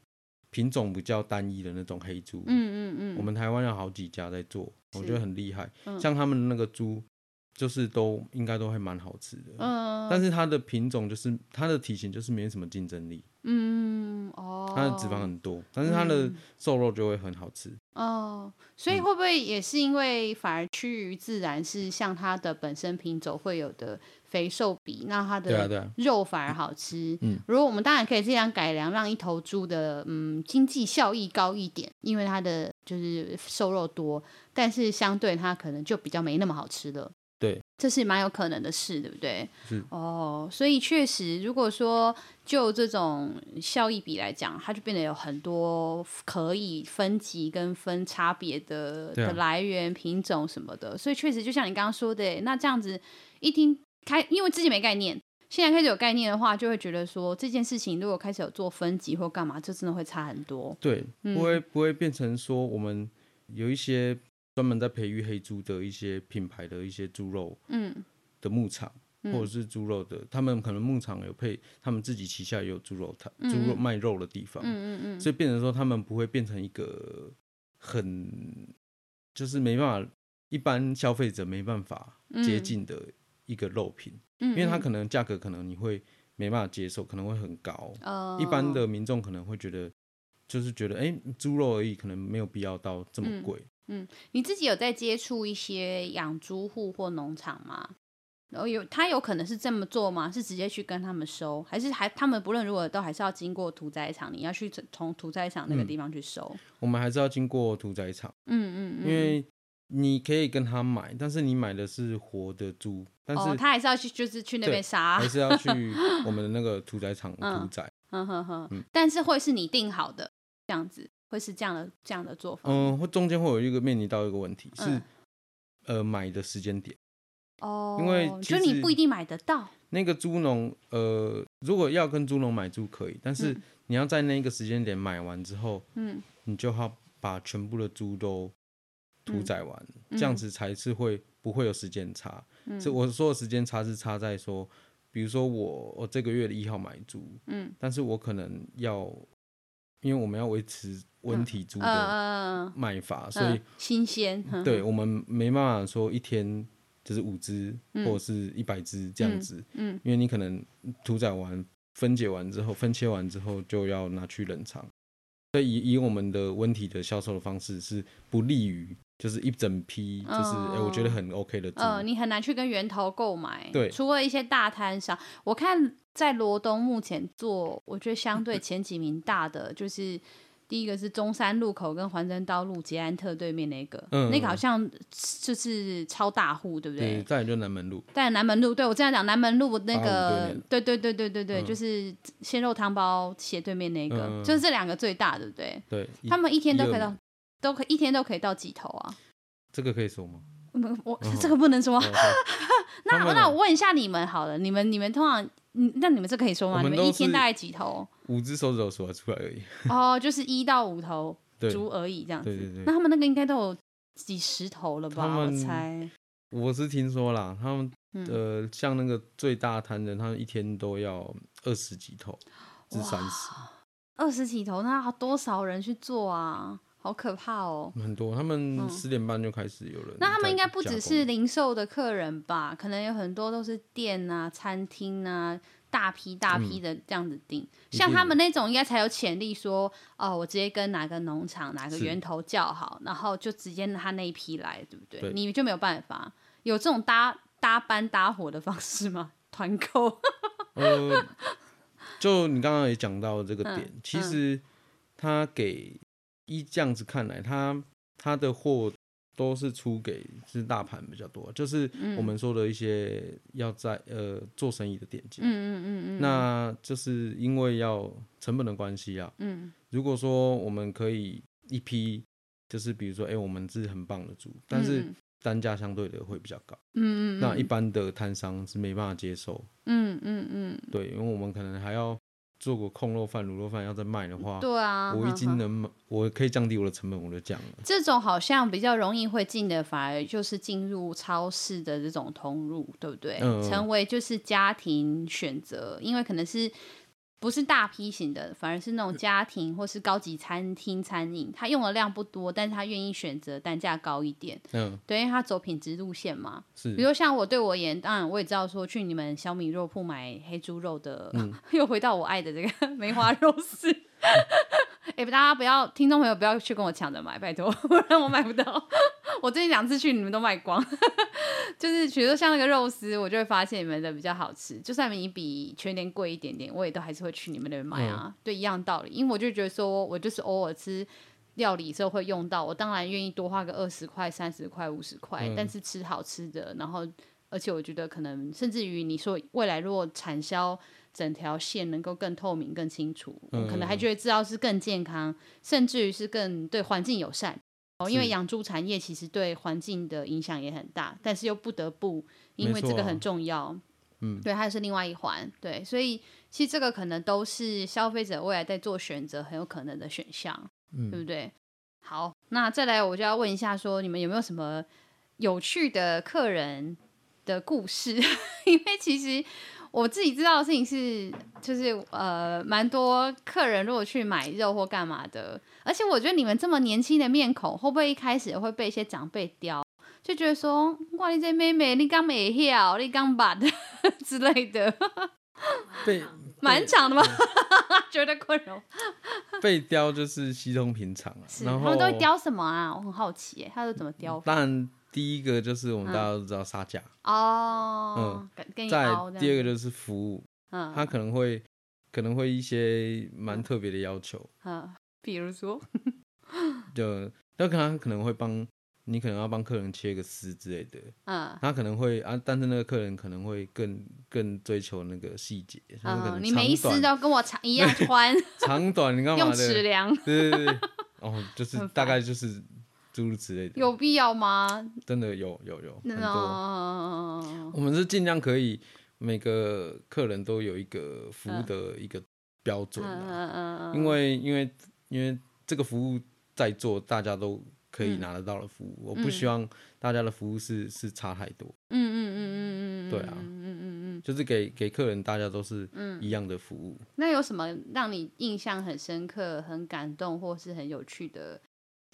品種比較單一的那種黑豬。嗯嗯嗯嗯。我們台灣有好幾家在做，我覺得很厲害。嗯。像他們那個豬。就是都應該都會蠻好吃的，嗯、呃，但是它的品種就是它的體型就是沒什麼競爭力，嗯哦，它的脂肪很多，但是它的瘦肉就會很好吃，嗯、哦，所以會不會也是因為反而趨於自然，是像它的本身品種會有的肥瘦比，那它的肉反而好吃。對啊、對啊、嗯，如果我們當然可以這樣改良，讓一頭豬的嗯經濟效益高一點，因為它的就是瘦肉多，但是相對它可能就比較沒那麼好吃了。對，這是蠻有可能的事，對不對？哦，oh, 所以確實，如果說就這種效益比來講，它就變得有很多可以分級跟分差別的的來源，啊、品種什麼的。所以確實，就像你剛剛說的，那這樣子一聽開，因為自己沒概念，現在開始有概念的話，就會覺得說這件事情如果開始有做分級或幹嘛，就真的會差很多。對，嗯、不會不會變成說我們有一些。專門在培育黑豬的一些品牌的一些豬肉，的牧場、嗯、或者是豬肉的、嗯，他們可能牧場有配，他們自己旗下也有豬肉，它、嗯、豬肉賣肉的地方、嗯嗯嗯，所以變成說他們不會變成一個很就是沒辦法，一般消費者沒辦法接近的一個肉品，嗯、因為它可能價格可能你會沒辦法接受，可能會很高，嗯、一般的民眾可能會覺得就是覺得哎，欸、豬肉而已，可能沒有必要到這麼貴。嗯嗯，你自己有在接觸一些養豬戶或農場嗎？然、哦、後有他有可能是這麼做嗎？是直接去跟他們收，還是還他們不論如何都還是要經過屠宰場？你要去從屠宰場那個地方去收、嗯？我們還是要經過屠宰場。嗯嗯，嗯，因為你可以跟他買，但是你買的是活的豬，但是、哦、他還是要去，就是去那邊殺，對、還是要去我們的那個屠宰場 屠宰。嗯哼哼、嗯嗯。但是會是你訂好的這樣子。會是這樣的這樣的做法。嗯，會中間會有一個面臨到一個問題，嗯、是呃買的時間點。哦、oh,，因為其實你不一定買得到那個豬農。呃，如果要跟豬農買豬可以，但是你要在那個時間點買完之後，嗯，你就要把全部的豬都屠宰完、嗯，這樣子才是會不會有時間差。這、嗯、我說的時間差是差在說，比如說我我這個月的一號買豬，嗯，但是我可能要。因為我們要維持溫體豬的賣法，嗯呃、所以新鮮、嗯。對，我們沒辦法說一天就是五隻、嗯、或者是一百隻這樣子嗯。嗯，因為你可能屠宰完、分解完之後、分切完之後，就要拿去冷藏，所以以以我們的溫體的銷售的方式，是不利於就是一整批，就是，嗯欸、我覺得很 OK 的豬。呃、嗯嗯，你很難去跟源頭購買，對，除了一些大攤商我看。在羅東目前做，我覺得相對前幾名大的 就是第一個是中山路口跟環鎮道路捷安特對面那個，嗯嗯那個好像就是超大戶、嗯那個嗯嗯嗯，對不對？對，就南門路，在南門路，對我這樣講南門路那個，對對對對對對，就是鮮肉湯包斜對面那個，就是這兩個最大，對不對？對，他們一天都可以到，都可以一天都可以到幾頭啊？這個可以說嗎？我、嗯、這個不能說。嗯、 那那我問一下你們好了，你們你們通常。嗯，那你們是可以說嗎？們，你們一天大概幾頭？五隻手指頭數出來而已。哦，就是一到五頭豬而已，這樣子對對對對。那他們那個應該都有幾十頭了吧？我猜。我是聽說啦，他們、嗯、呃，像那個最大攤人，他們一天都要二十幾頭至，至三十。二十幾頭，那多少人去做啊？好可怕哦！很多，他們十點半就開始有人，嗯。那他們應該不只是零售的客人吧？可能有很多都是店啊、餐廳啊，大批大批的這樣子訂，嗯。像他們那種，應該才有潛力說，嗯，哦，我直接跟哪個農場、哪個源頭叫好，然後就直接拿他那一批來，對不對？對。你們就沒有辦法有這種搭搭班搭伙的方式嗎？團購 呃，就你剛剛也講到這個點，嗯，其實他給。一這樣子看來，他他的貨都是出給是大盤比較多，就是我們說的一些要在呃做生意的店家、嗯嗯嗯嗯、那就是因為要成本的關係啊。嗯，如果說我們可以一批，就是比如說，哎、欸，我們是很棒的豬，但是單價相對的會比較高。嗯嗯，嗯，那一般的攤商是沒辦法接受。嗯嗯嗯，對，因為我們可能還要。做過控肉飯、滷肉飯，要再賣的話，對啊，我已經能買，呵呵，我可以降低我的成本，我就降了。這種好像比較容易會進的，反而就是進入超市的這種通路，對不對？嗯，成為就是家庭選擇，因為可能是。不是大批型的，反而是那種家庭或是高級餐廳餐飲，他用的量不多，但是他願意選擇單價高一點，嗯，對，因為他走品質路線嘛。是，比如像我對我而言，當然我也知道說去你們小米肉鋪買黑豬肉的，嗯，又回到我愛的這個梅花肉絲。 哎、欸，大家不要，聽眾朋友不要去跟我搶着買，拜托，不然我買不到。 我最近兩次去，你們都賣光。 就是比如說像那個肉絲，我就會發現你們的比較好吃。就算你比全年貴一點點，我也都還是會去你們那邊買啊、嗯。對，一樣道理。因為我就覺得說，我就是偶爾吃料理的時候會用到，我當然願意多花個二十塊、三十塊、五十塊。但是吃好吃的，然後而且我覺得可能甚至於你說未來如果產銷。整條線能夠更透明、更清楚，嗯、可能還覺得知道是更健康，嗯、甚至於是更對環境友善哦。因為養豬產業其實對環境的影響也很大，但是又不得不，因為這個很重要。嗯、啊，對，它是另外一環、嗯。對，所以其實這個可能都是消費者未來在做選擇很有可能的選項、嗯，對不對？好，那再來我就要問一下，說你們有沒有什麼有趣的客人的故事？ 因為其實。我自己知道的事情是，就是呃、蠻多客人如果去買肉或幹嘛的，而且我覺得你們這麼年輕的面孔，會不會一開始也會被一些長輩刁？就覺得說，哇，你這妹妹，你剛沒曉，你剛把的 之類的，蠻常的嗎？ 覺得困擾，被刁就是稀鬆平常、啊，然後他們都會刁什麼啊？我很好奇、欸，他說怎麼刁？第一個就是我們大家都知道殺價哦，嗯，在、oh, 嗯、第二個就是服務，嗯，他可能會可能會一些蠻特別的要求，嗯，比如說 就，就可他可能可能會幫你可能要幫客人切個絲之類的，嗯，他可能會啊，但是那個客人可能會更更追求那個細節，啊、就是嗯，你每一絲都跟我長一樣寬， 長短你幹嘛的？用尺量，對對對， 哦，就是大概就是。諸如此類的，有必要嗎？真的有有有很多。我們是盡量可以每個客人都有一個服務的一個標準，啊、因為因為因為這個服務在座，大家都可以拿得到的服務，我不希望大家的服務是是差太多。嗯嗯嗯嗯嗯嗯，對啊，嗯嗯嗯嗯，就是給給客人大家都是一樣的服務。那有什麼讓你印象很深刻、很感動，或是很有趣的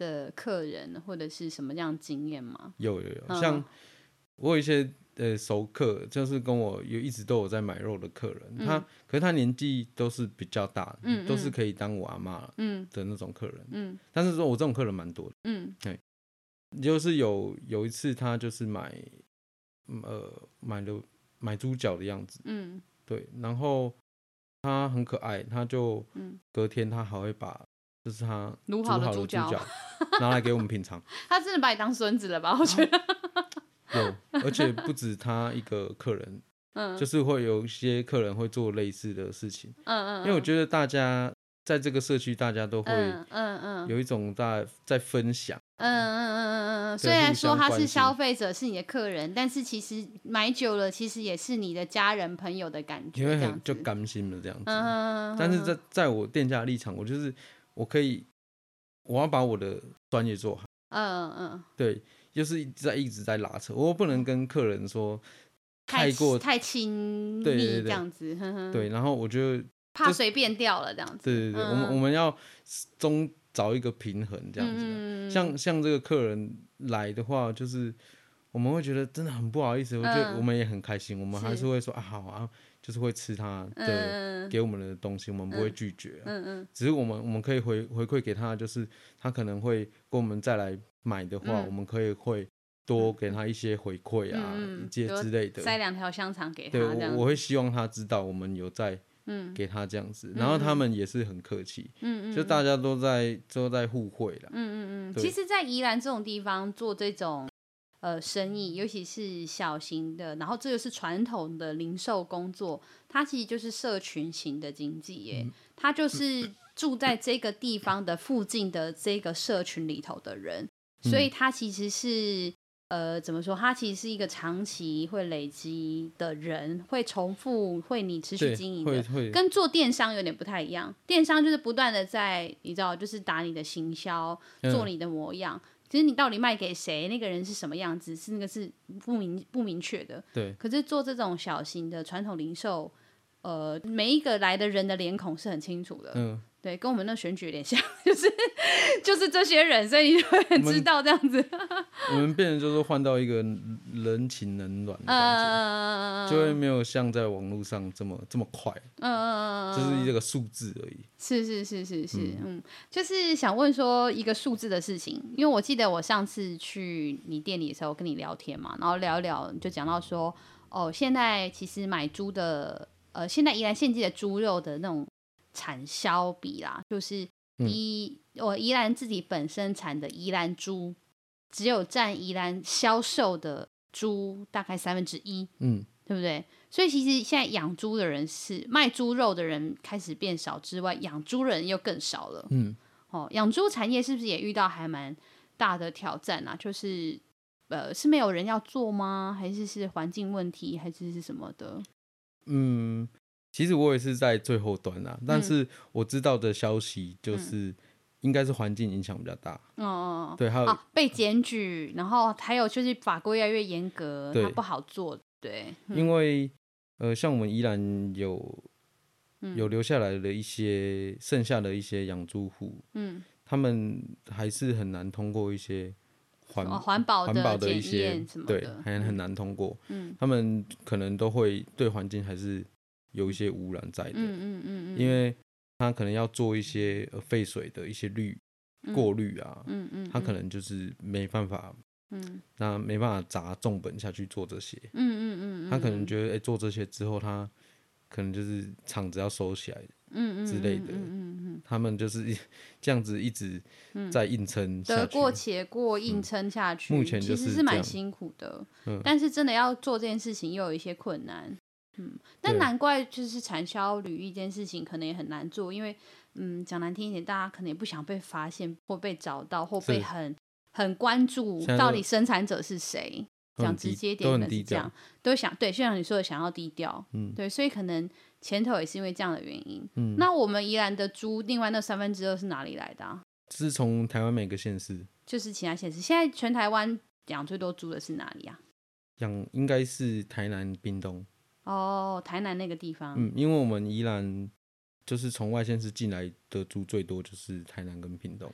的客人或者是什麼樣經驗嗎？有有有，像我有一些呃熟客，就是跟我有一直都有在買肉的客人，嗯、他可是他年紀都是比較大嗯，嗯，都是可以當我阿媽了，嗯的那種客人，嗯，但是說我這種客人蠻多的，嗯，對，就是有有一次他就是買，嗯、呃，買了買豬腳的樣子，嗯，對，然後他很可愛，他就、嗯、隔天他還會把。就是他煮好的豬腳， 拿來給我們品嘗。 他真的把你當孫子了吧？我覺得有，而且不止他一個客人， 嗯，就是會有一些客人會做類似的事情，嗯嗯，嗯。因為我覺得大家在這個社區，大家都會，嗯嗯，有一種在嗯嗯嗯在分享嗯嗯嗯嗯，嗯嗯嗯嗯嗯。雖然說他是消費者，是你的客人，但是其實買久了，其實也是你的家人朋友的感覺這，這很，就甘心了這樣子。嗯，嗯，嗯，嗯，嗯但是在在我店家的立場，我就是。我可以，我要把我的專業做好。嗯嗯。對，就是一直在一直在拉扯，我不能跟客人說太過太親密這樣子，對對對、嗯。對，然後我覺得就怕隨便掉了這樣子。對對對，嗯、我們我們要中找一個平衡這樣子。嗯、像像這個客人來的話，就是我們會覺得真的很不好意思、嗯，我覺得我們也很開心，我們還是會說，是。啊好啊。就是會吃他的給我們的東西，嗯、我們不會拒絕、啊。嗯嗯，嗯，只是我們我們可以回回饋給他，就是他可能會跟我們再來買的話，嗯、我們可以會多給他一些回饋啊、嗯，一些之類的。塞兩條香腸給他。對，我我會希望他知道我們有在，給他這樣子、嗯。然後他們也是很客氣。嗯嗯，就大家都在都在互惠了。嗯嗯嗯，其實，在宜蘭這種地方做這種。呃，生意尤其是小型的，然後這個是傳統的零售工作，它其實就是社群型的經濟耶、嗯，它就是住在這個地方的附近的這個社群裡頭的人，嗯、所以它其實是呃怎麼說？它其實是一個長期會累積的人，會重複會你持續經營的，跟做電商有點不太一樣。電商就是不斷的在你知道，就是打你的行銷，做你的模樣。嗯其實你到底賣給誰？那個人是什麼樣子？是那個是不明不明確的。對。可是做這種小型的傳統零售，呃，每一個來的人的臉孔是很清楚的。嗯。對，跟我們那選舉有點像，就是就是這些人，所以你就會知道這樣子。我們， 我們變成就是換到一個人情冷暖的感覺，uh... 就會沒有像在網絡上這麼這麼快。嗯嗯嗯，就是一個數字而已。Uh... 是是是是是、嗯、是是是，嗯，就是想問說一個數字的事情，因為我記得我上次去你店裡的時候跟你聊天嘛，然後聊一聊就講到說，哦，現在其實買豬的，呃，現在依然現季的豬肉的那種。產銷比啦，就是依我、嗯哦、宜蘭自己本身產的宜蘭豬，只有占宜蘭銷售的豬大概三分之一，嗯，對不對？所以其實現在養豬的人是賣豬肉的人開始變少之外，養豬人又更少了，嗯，哦，養豬產業是不是也遇到還蠻大的挑戰啊？就是呃，是沒有人要做嗎？還是是環境問題，還是是什麼的？嗯。其實我也是在最後端吶、啊，但是我知道的消息就是，應該是環境影響比較大。哦哦哦，對，還有、啊、被檢舉、嗯，然後還有就是法規越來越嚴格，對，他不好做。對，因為呃，像我們宜蘭有、嗯，有留下來的一些剩下的一些養豬戶，嗯，他們還是很難通過一些環、哦、保環保的一些什麼的，對，很難通過。嗯，他們可能都會對環境還是。有一些污染在的嗯嗯嗯嗯嗯，因為他可能要做一些呃、廢水的一些濾、過濾啊，他可能就是沒辦法，那、嗯、沒辦法砸重本下去做這些，嗯嗯嗯嗯嗯嗯他可能覺得，哎、欸，做這些之後，他可能就是廠子要收起來，之類的，他們就是這樣子一直在硬撐，得過且過硬撐下去，嗯、目前就是、嗯、其實是蠻辛苦的、嗯，但是真的要做這件事情，又有一些困難。嗯，但難怪就是產銷履一件事情可能也很難做，因為嗯講難聽一點，大家可能也不想被發現或被找到，或被很很關注到底生產者是誰。講直接點的是這樣，都,低都想對，就像你說的，想要低調。嗯，對，所以可能前頭也是因為這樣的原因。嗯，那我們宜蘭的豬，另外那三分之二是哪裡來的、啊？是從台灣每個縣市，就是其他縣市。現在全台灣養最多豬的是哪裡啊？養應該是台南屏、屏東。哦，台南那個地方。嗯，因為我們宜蘭就是從外縣市進來的豬最多，就是台南跟屏東。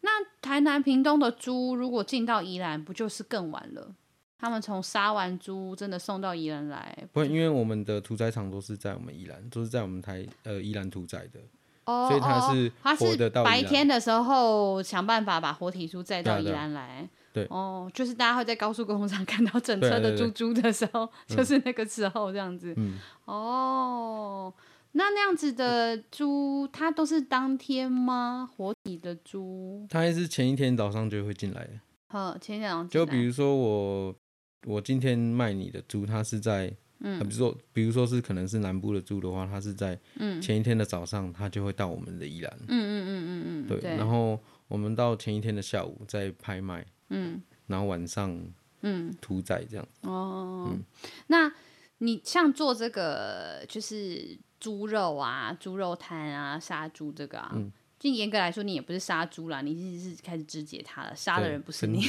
那台南、屏東的豬如果進到宜蘭，不就是更晚了？他們從殺完豬真的送到宜蘭來？不，因為我們的屠宰場都是在我們宜蘭，都，就是在我們台呃宜蘭屠宰的，oh, 所以他是他，哦，是白天的時候想辦法把活體豬載到宜蘭來。對哦，就是大家會在高速公路上看到整車的豬豬的時候，對對對 就是那個時候這樣子。嗯、哦，那那樣子的豬，它都是當天嗎？活體的豬，它還是前一天早上就會進來。好，前一天早上就。就比如說我，我今天賣你的豬，它是在嗯、啊，比如說，比如說是可能是南部的豬的話，它是在嗯前一天的早上、嗯，它就會到我們的宜蘭。嗯嗯嗯嗯嗯，嗯對，對。然後我們到前一天的下午再拍賣。嗯，然後晚上，嗯，屠宰這樣、嗯嗯、哦、嗯。那你像做這個，就是豬肉啊，豬肉攤啊，殺豬這個啊。嗯就嚴格來說，你也不是殺豬啦，你其實是開始肢解他了。殺的人不是你，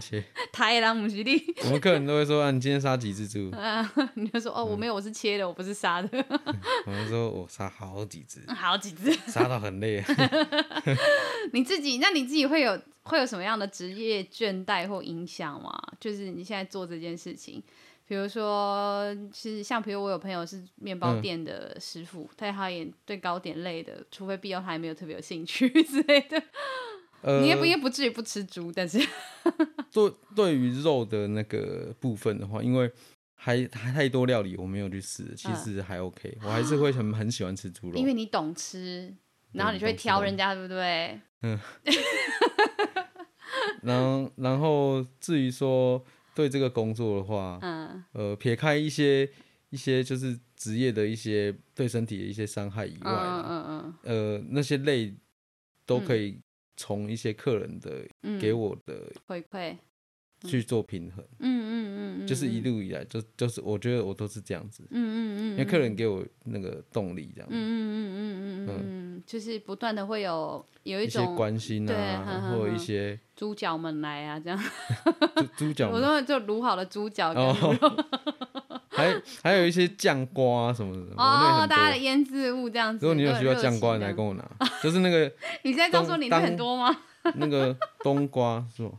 切。 他也郎母雞弟，我們客人都會說啊，你今天殺幾隻豬 啊？你就說哦，我沒有，我是切的，我不是殺的 、嗯。我就說我殺好幾隻，好幾隻，殺到很累。 你自己，那你自己會有會有什麼樣的職業倦怠或影響嗎？就是你現在做這件事情。比如說，其實像，比如我有朋友是麵包店的師傅，他、嗯、他也對糕點類的，除非必要，他也沒有特別有興趣之類的。呃、你也不也不至於不吃豬，但是對對於肉的那個部分的話，因為還還太多料理，我沒有去試，其實還 OK，、嗯、我還是會很很喜歡吃豬肉。因為你懂吃，然後你就會挑人家，對不對？嗯。 然後然後至於說。對這個工作的話，uh, 呃，撇開一些一些就是職業的一些對身體的一些傷害以外 uh, uh, uh, uh. 呃，那些累都可以從一些客人的、嗯、給我的回饋去做平衡、嗯，就是一路以來就就是我覺得我都是這樣子、嗯，因為客人給我那個動力這樣子，嗯。嗯嗯就是不斷的會有，有一種一些關心啊，對，呵呵或者一些豬腳們來啊，這樣豬腳們， 我都會就滷好了豬腳，還還有一些醬瓜什麼什麼，哦，大家的醃製物這樣子。如果你有需要醬瓜，你來跟我拿，就是那個你現在告訴我你的很多嗎？ 那個冬瓜是嗎？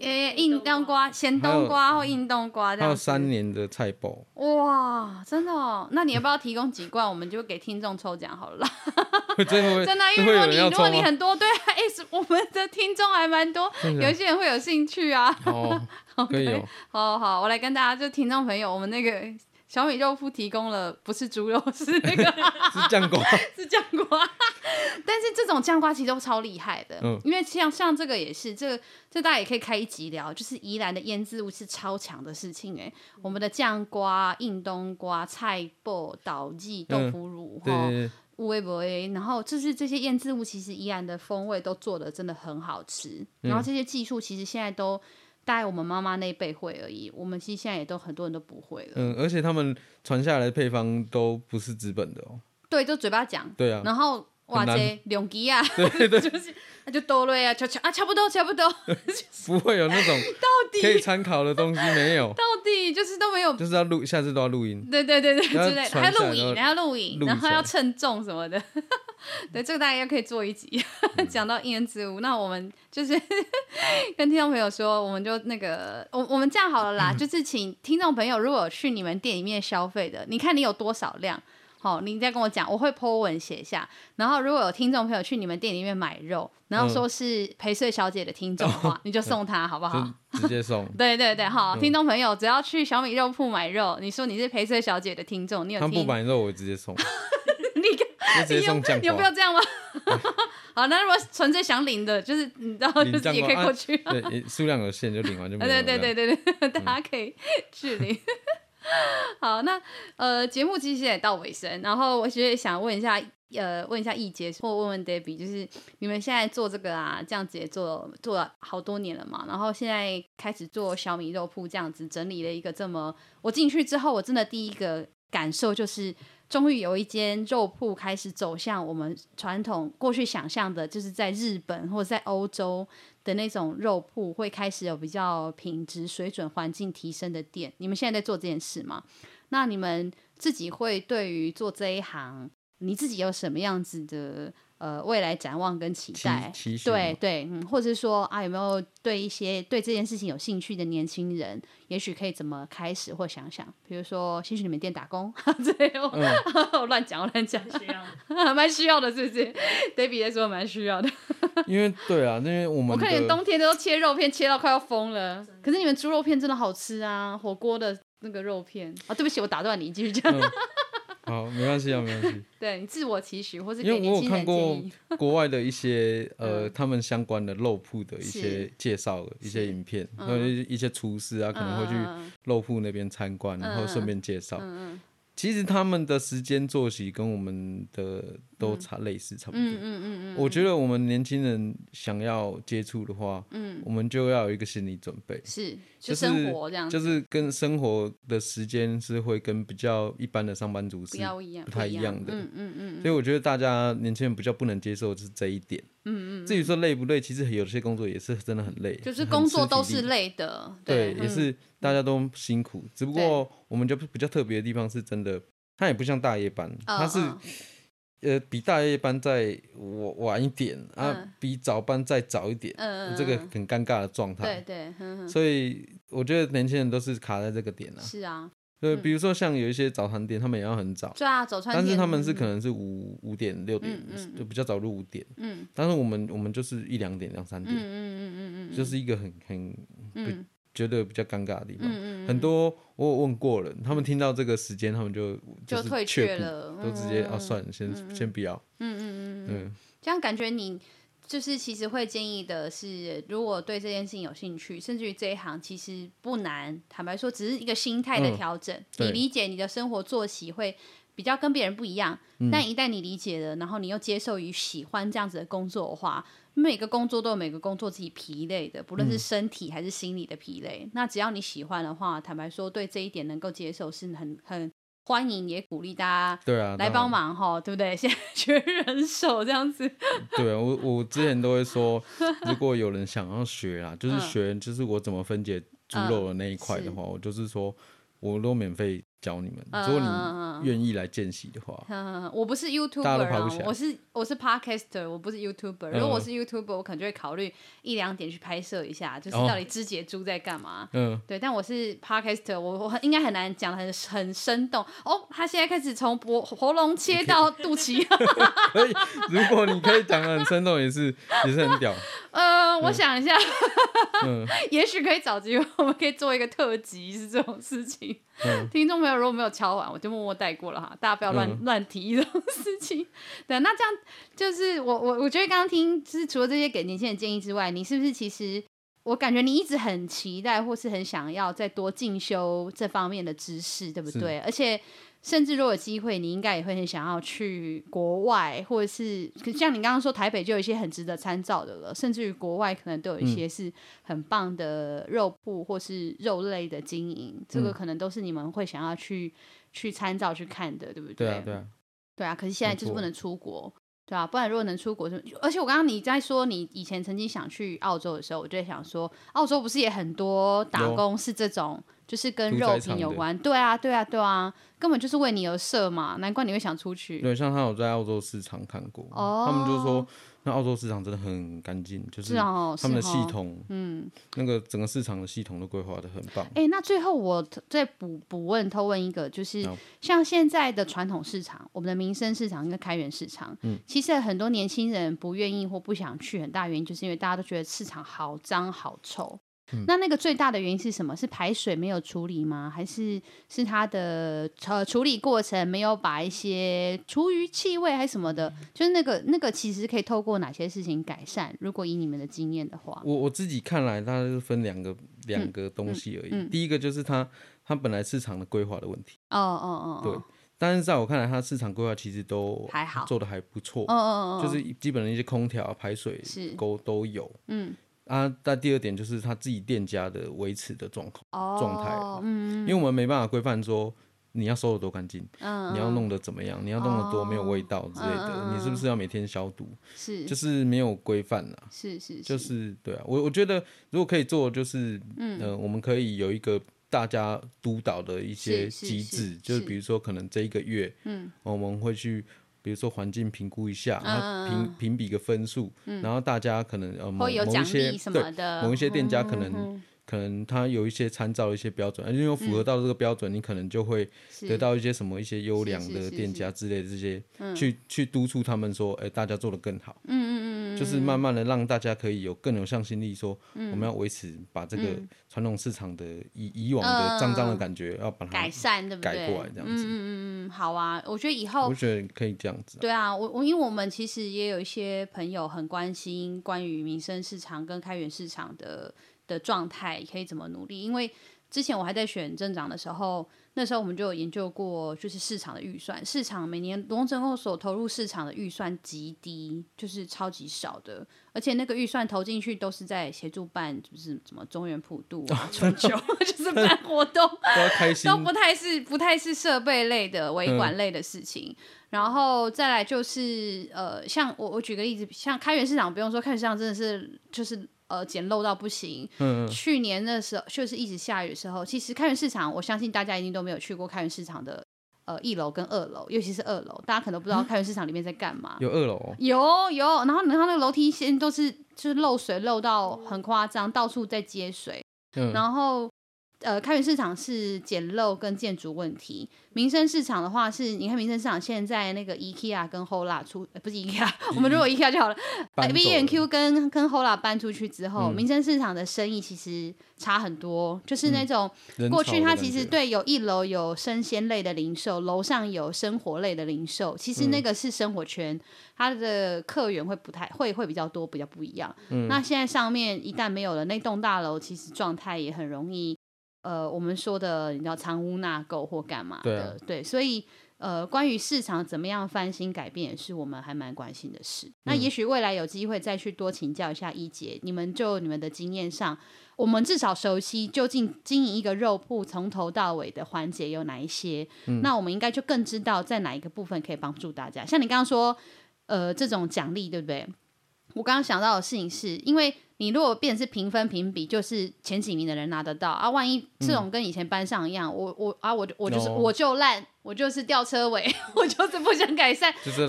誒，蔭冬瓜、鹹冬瓜或蔭冬瓜，這樣還有，還有三年的菜脯哇，真的哦！那你要不要提供幾罐， 我們就給聽眾抽獎好了啦 真的真、啊、的，因為如果，你如果你很多，對啊，欸、我們的聽眾還蠻多，有一些人會有興趣啊。 Okay, 可以好好好，我來跟大家就聽眾朋友，我們那個。小米肉舖提供了不是豬肉，是那個 是醬醬瓜， 是醬醬瓜。 但是這種醬瓜其實都超厲害的、嗯，因為像像這個也是，這個、這個、大家也可以開一集聊，就是宜蘭的醃制物是超強的事情哎、欸嗯。我們的醬瓜、蔭冬瓜、菜脯、倒劑、豆腐乳、哈、嗯、烏梅、然後就是這些醃制物，其實宜蘭的風味都做得真的很好吃。嗯、然後這些技術其實現在都。大概我們媽媽那一輩會而已，我們其實現在也都很多人都不會了。嗯，而且他們傳下來的配方都不是紙本的哦。對，就嘴巴講。對啊。然後。哇，這兩斤啊！對對對，那 就多、是、了啊，差差啊，差不多差不多。就是、 不會有那種，到底可以參考的東西沒有？ 到底就是都沒有，就是要錄，下次都要錄音。對對對對，之類，還要錄影，還要錄影，然後要稱重什麼的。 對，這個大家也可以做一集，講、嗯、 到一言之那我們就是 跟聽眾朋友說，我們就那個，我我們這樣好了啦，嗯、就是請聽眾朋友如果去你們店裡面消費的，你看你有多少量。哦，你再跟我講，我會 po 文寫下。然後如果有聽眾朋友去你們店裡面買肉，然後說是陪睡小姐的聽眾的話、嗯，你就送他好不好？嗯、直接送。 對對對，好，嗯、聽眾朋友只要去小米肉鋪買肉，你說你是陪睡小姐的聽眾，你有聽他不買肉我直接送， 你看直你有，你有必要這樣嗎？ 好，那如果純粹想領的，就是然後就自、是、己可以過去、啊，對，數量有限就領完就沒、嗯、對對對對對、嗯，大家可以去領。 好，那呃，節目其實也到尾聲，然後我其實也想問一下，呃，問一下鎰榤，或問問 Debby，就是你們現在做這個啊，這樣子也做做了好多年了嘛，然後現在開始做小米肉鋪這樣子整理了一個這麼，我進去之後我真的第一個感受就是。終於有一間肉鋪開始走向我們傳統過去想象的，就是在日本或者在歐洲的那種肉鋪，會開始有比較品質水準、環境提升的店。你們現在在做這件事嗎？那你們自己會對於做這一行，你自己有什麼樣子的？呃，未來展望跟期待，對對，嗯，或者是說啊，有沒有對一些對這件事情有興趣的年輕人，也許可以怎麼開始，或想想，比如說先去你們店打工，對我、嗯啊、我亂講，我亂講，需還蠻需要的，是不是？Debby 也、嗯、說蠻需要的，因為對啊，那我們我看你們冬天都切肉片切到快要瘋了，可是你們豬肉片真的好吃啊，火鍋的那個肉片啊，對不起，我打斷你，繼續講。嗯好，沒關係啊，沒關係。 對你自我期許，或是因為因為我有看過國外的一些 呃，他們相關的肉鋪的一些介紹，一些影片，那、嗯、一些廚師啊，可能會去肉鋪那邊參觀、嗯，然後順便介紹、嗯。其實他們的時間作息跟我們的。都差類似，差不多嗯，嗯嗯嗯，嗯我覺得我們年輕人想要接觸的話，嗯，我們就要有一個心理準備，是，就是生活這樣、就是、就是跟生活的時間是會跟比較一般的上班族是不太一樣的，樣樣嗯嗯嗯，嗯。所以我覺得大家年輕人比較不能接受就是這一點，嗯嗯。至於說累不累，其實有些工作也是真的很累，就是工作都是累的，的對，對、嗯，也是大家都辛苦。只不過我們就比較特別的地方是真的，它也不像大夜班，它是。嗯嗯呃，比大夜班再晚一點、嗯、啊，比早班再早一點、嗯，這個很尷尬的狀態。對對，對呵呵，所以我覺得年輕人都是卡在這個點啊。是啊，對，比如說像有一些早餐店，嗯、他們也要很早、對啊。但是他們是可能是五五、嗯、點六點、嗯，就比較早入五點、嗯。但是我們我們就是一兩點兩三點、嗯嗯嗯嗯嗯，就是一個很很。很嗯覺得比較尷尬的地方，嗯嗯嗯很多。我有問過人，他們聽到這個時間，他們就、就是、就退卻了，都直接啊，算了，先嗯嗯先不要。嗯嗯嗯嗯，這樣感覺你就是其實會建議的是，如果對這件事情有興趣，甚至於這一行其實不難。坦白說，只是一個心態的調整、嗯。你理解你的生活作息會比較跟別人不一樣、嗯，但一旦你理解了，然後你又接受與喜歡這樣子的工作的話。每個工作都有每個工作自己疲累的，不論是身體還是心理的疲累，嗯。那只要你喜歡的話，坦白說對這一點能夠接受是很很歡迎，也鼓勵大家來幫忙，嗯。對啊，來幫忙哈，對不對？現在缺人手這樣子。對，我我之前都會說， 如果有人想要學啊，就是學就是我怎麼分解豬肉的那一塊的話，嗯，我就是說我都免費。教你們，如果你願意來見習的話、嗯，我不是 YouTuber 不、啊、我是我是 Podcaster 我不是 YouTuber。如果我是 YouTuber，、嗯、我可能就會考慮一兩點去拍攝一下，就是到底肢解豬在幹嘛。嗯，對，但我是 Podcaster 我我應該很難講很很生動。哦，他現在開始從脖喉嚨切到肚臍。可、okay. 以 如果你可以講的很生動，也是 也是很屌。呃、嗯，我想一下，嗯、 也許可以找機會，我們可以做一個特輯，是這種事情，嗯、聽眾。們。沒有，如果沒有敲完，我就默默帶過了哈，大家不要亂、嗯、亂提這種事情。對，那這樣就是我我我覺得剛剛聽，就是除了這些給年輕人建議之外，你是不是其實我感覺你一直很期待或是很想要再多進修這方面的知識，對不對？而且。甚至如果有機會，你應該也會很想要去國外，或者是，可是像你剛剛說台北就有一些很值得參照的了。甚至於國外可能都有一些是很棒的肉鋪或是肉類的經營，嗯，這個可能都是你們會想要去去參照去看的，對不對？對啊，對啊。對啊，可是現在就是不能出國。對啊，不然如果能出國，就而且我剛剛你在說你以前曾經想去澳洲的時候，我就在想說，澳洲不是也很多打工是這種，哦，就是跟肉品有關，對啊，對啊，對啊，根本就是為你而設嘛，難怪你會想出去。對，像他有在澳洲市場看過，哦，他們就說。那澳洲市場真的很乾淨，就是他們的系統、哦哦，嗯，那個整個市場的系統都規劃得很棒。哎、欸，那最後我再補補問偷問一個，就是像現在的傳統市場，我們的民生市場，跟開源市場、嗯，其實很多年輕人不願意或不想去，很大原因就是因為大家都覺得市場好髒好臭。那那個最大的原因是什麼？是排水沒有處理嗎？還是是它的呃處理過程沒有把一些廚餘氣味還是什麼的？就是那個那個其實可以透過哪些事情改善？如果以你們的經驗的話，我我自己看來，它是分兩個兩個東西而已、嗯嗯嗯。第一個就是它它本來市場的規劃的問題。哦哦哦，對。但是在我看來，它市場規劃其實都還好做的還不錯。嗯嗯嗯，就是基本的一些空調、啊、排水溝都有。嗯。啊，但第二點就是他自己店家的維持的狀況狀態，嗯，因為我們沒辦法規範說，你要收的多乾淨，uh, uh, 你要弄的怎麼樣，你要弄的多沒有味道之類的，uh, uh, uh, uh, uh, 你是不是要每天消毒？是，就是沒有規範吶，是是，是，就是對啊，我我覺得如果可以做，就是嗯、呃，我們可以有一個大家督導的一些機制，就是比如說可能這一個月，嗯，嗯，我們會去。比如說環境評估一下，然後評評、啊、比個分數、嗯，然後大家可能呃某一些對某一些店家可能、嗯、可能他有一些參照一些標準、嗯，因為符合到這個標準、嗯，你可能就會得到一些什麼一些優良的店家之類這些，去去督促他們說，哎、欸，大家做得更好。嗯嗯。嗯就是慢慢的讓大家可以有更有向心力，說我們要維持把這個傳統市場的以以往的髒髒的感覺，要把它改善，嗯，改善，對不對？改過來這樣子。嗯嗯嗯好啊，我覺得以後我覺得可以這樣子啊。對啊，我我因為我們其實也有一些朋友很關心關於民生市場跟開源市場的的狀態可以怎麼努力，因為之前我還在選鎮長的時候。那時候我們就有研究過，就是市場的預算，市場每年鄉鎮公所所投入市場的預算極低，就是超級少的，而且那個預算投進去都是在協助辦，就是什麼中元普渡啊、中、哦、秋， 就是辦活動，都，都不太是不太是設備類的、維管類的事情、嗯。然後再來就是呃，像我我舉個例子，像開源市場不用說，開元市場真的是就是。呃，簡陋到不行。嗯嗯。去年那時候就是一直下雨的時候，其實開源市場，我相信大家一定都沒有去過開源市場的呃一樓跟二樓，尤其是二樓，大家可能都不知道開源市場裡面在幹嘛。嗯？有二樓哦？有有。然後，然後那個樓梯先都是就是漏水漏到很誇張，到處在接水。嗯。然後。呃，開源市場是簡陋跟建築問題，民生市場的話是，你看民生市場現在那個 IKEA 跟 HOLA 出，呃、不是 IKEA，我們如果 IKEA 就好了、呃、B&Q 跟跟 HOLA 搬出去之後、嗯，民生市場的生意其實差很多，就是那種、嗯、過去它其實對有一樓有生鮮類的零售，樓上有生活類的零售，其實那個是生活圈，它的客源會不太會會比較多，比較不一樣。嗯、那現在上面一旦沒有了那棟大樓，其實狀態也很容易。呃，我們說的你知道藏污納垢或幹嘛的，對，對，所以呃，關於市場怎麼樣翻新改變也是我們還蠻關心的事，嗯。那也許未來有機會再去多請教一下鎰榤，你們就你們的經驗上，我們至少熟悉究竟經營一個肉鋪從頭到尾的環節有哪一些，嗯、那我們應該就更知道在哪一個部分可以幫助大家。像你剛剛說，呃，這種獎勵對不對？我剛剛想到的事情是因為。你如果變成是評分、評比，就是前幾名的人拿得到啊！萬一這種跟以前班上一樣，嗯、我我啊我我，我就是，no. 我就爛，我就是吊車尾，我就是不想改善，就是，對不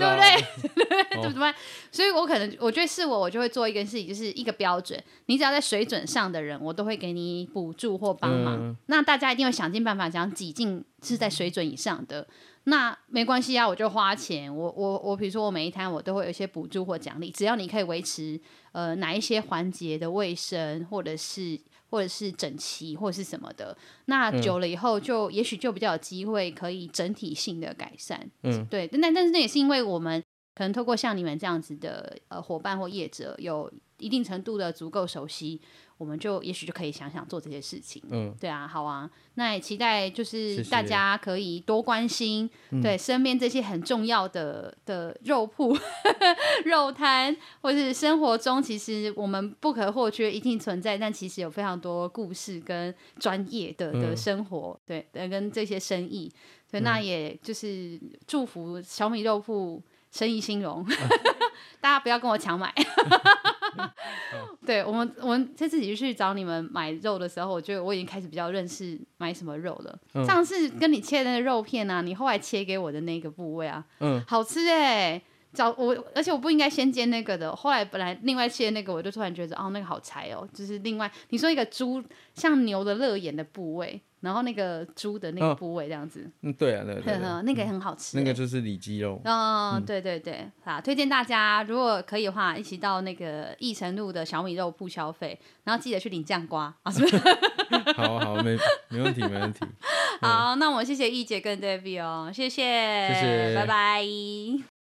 對？對、哦，怎 麼怎麼辦？所以我可能我覺得是我，我就會做一件事情，就是一個標準，你只要在水準上的人，我都會給你補助或幫忙。嗯、那大家一定要想盡辦法，想擠進是在水準以上的。那沒關係啊，我就花錢。我我我，比如說我每一攤我都會有一些補助或獎勵，只要你可以維持呃哪一些環節的衛生，或者是或者是整齊，或者是什麼的，那久了以後就、嗯、也許就比較有機會可以整體性的改善。嗯，對。但但是那也是因為我們可能透過像你們這樣子的呃夥伴或業者，有一定程度的足夠熟悉。我們就也許就可以想想做這些事情，嗯，對啊，好啊，那也期待就是大家可以多關心，謝謝嗯、對身邊這些很重要的的肉鋪、 肉攤，或是生活中其實我們不可或缺、一定存在，但其實有非常多故事跟專業的的生活、嗯，對，跟這些生意，對，所以那也就是祝福小米肉鋪生意興隆， 大家不要跟我搶買。 對，我們我們這次就去找你們買肉的時候，我覺得我已經開始比較認識買什麼肉了。上次跟你切的那個肉片啊，你後來切給我的那個部位啊，嗯，好吃誒、欸。找我，而且我不應該先煎那個的。後來本來另外切那個，我就突然覺得哦，那個好柴哦、喔。就是另外你說一個豬像牛的肉眼的部位。然後那個豬的那個部位這樣子，哦、嗯，對啊，對對，對 那個也很好吃，欸，那個就是里脊肉，哦、嗯，對對對，啊、嗯，推薦大家如果可以的話，一起到那個義成路的小米肉鋪消費，然後記得去領醬瓜啊，是 不 好好，沒沒問題，沒問題。 嗯、好，那我謝謝鎰榤跟 Debby 哦，謝謝，謝謝，拜拜。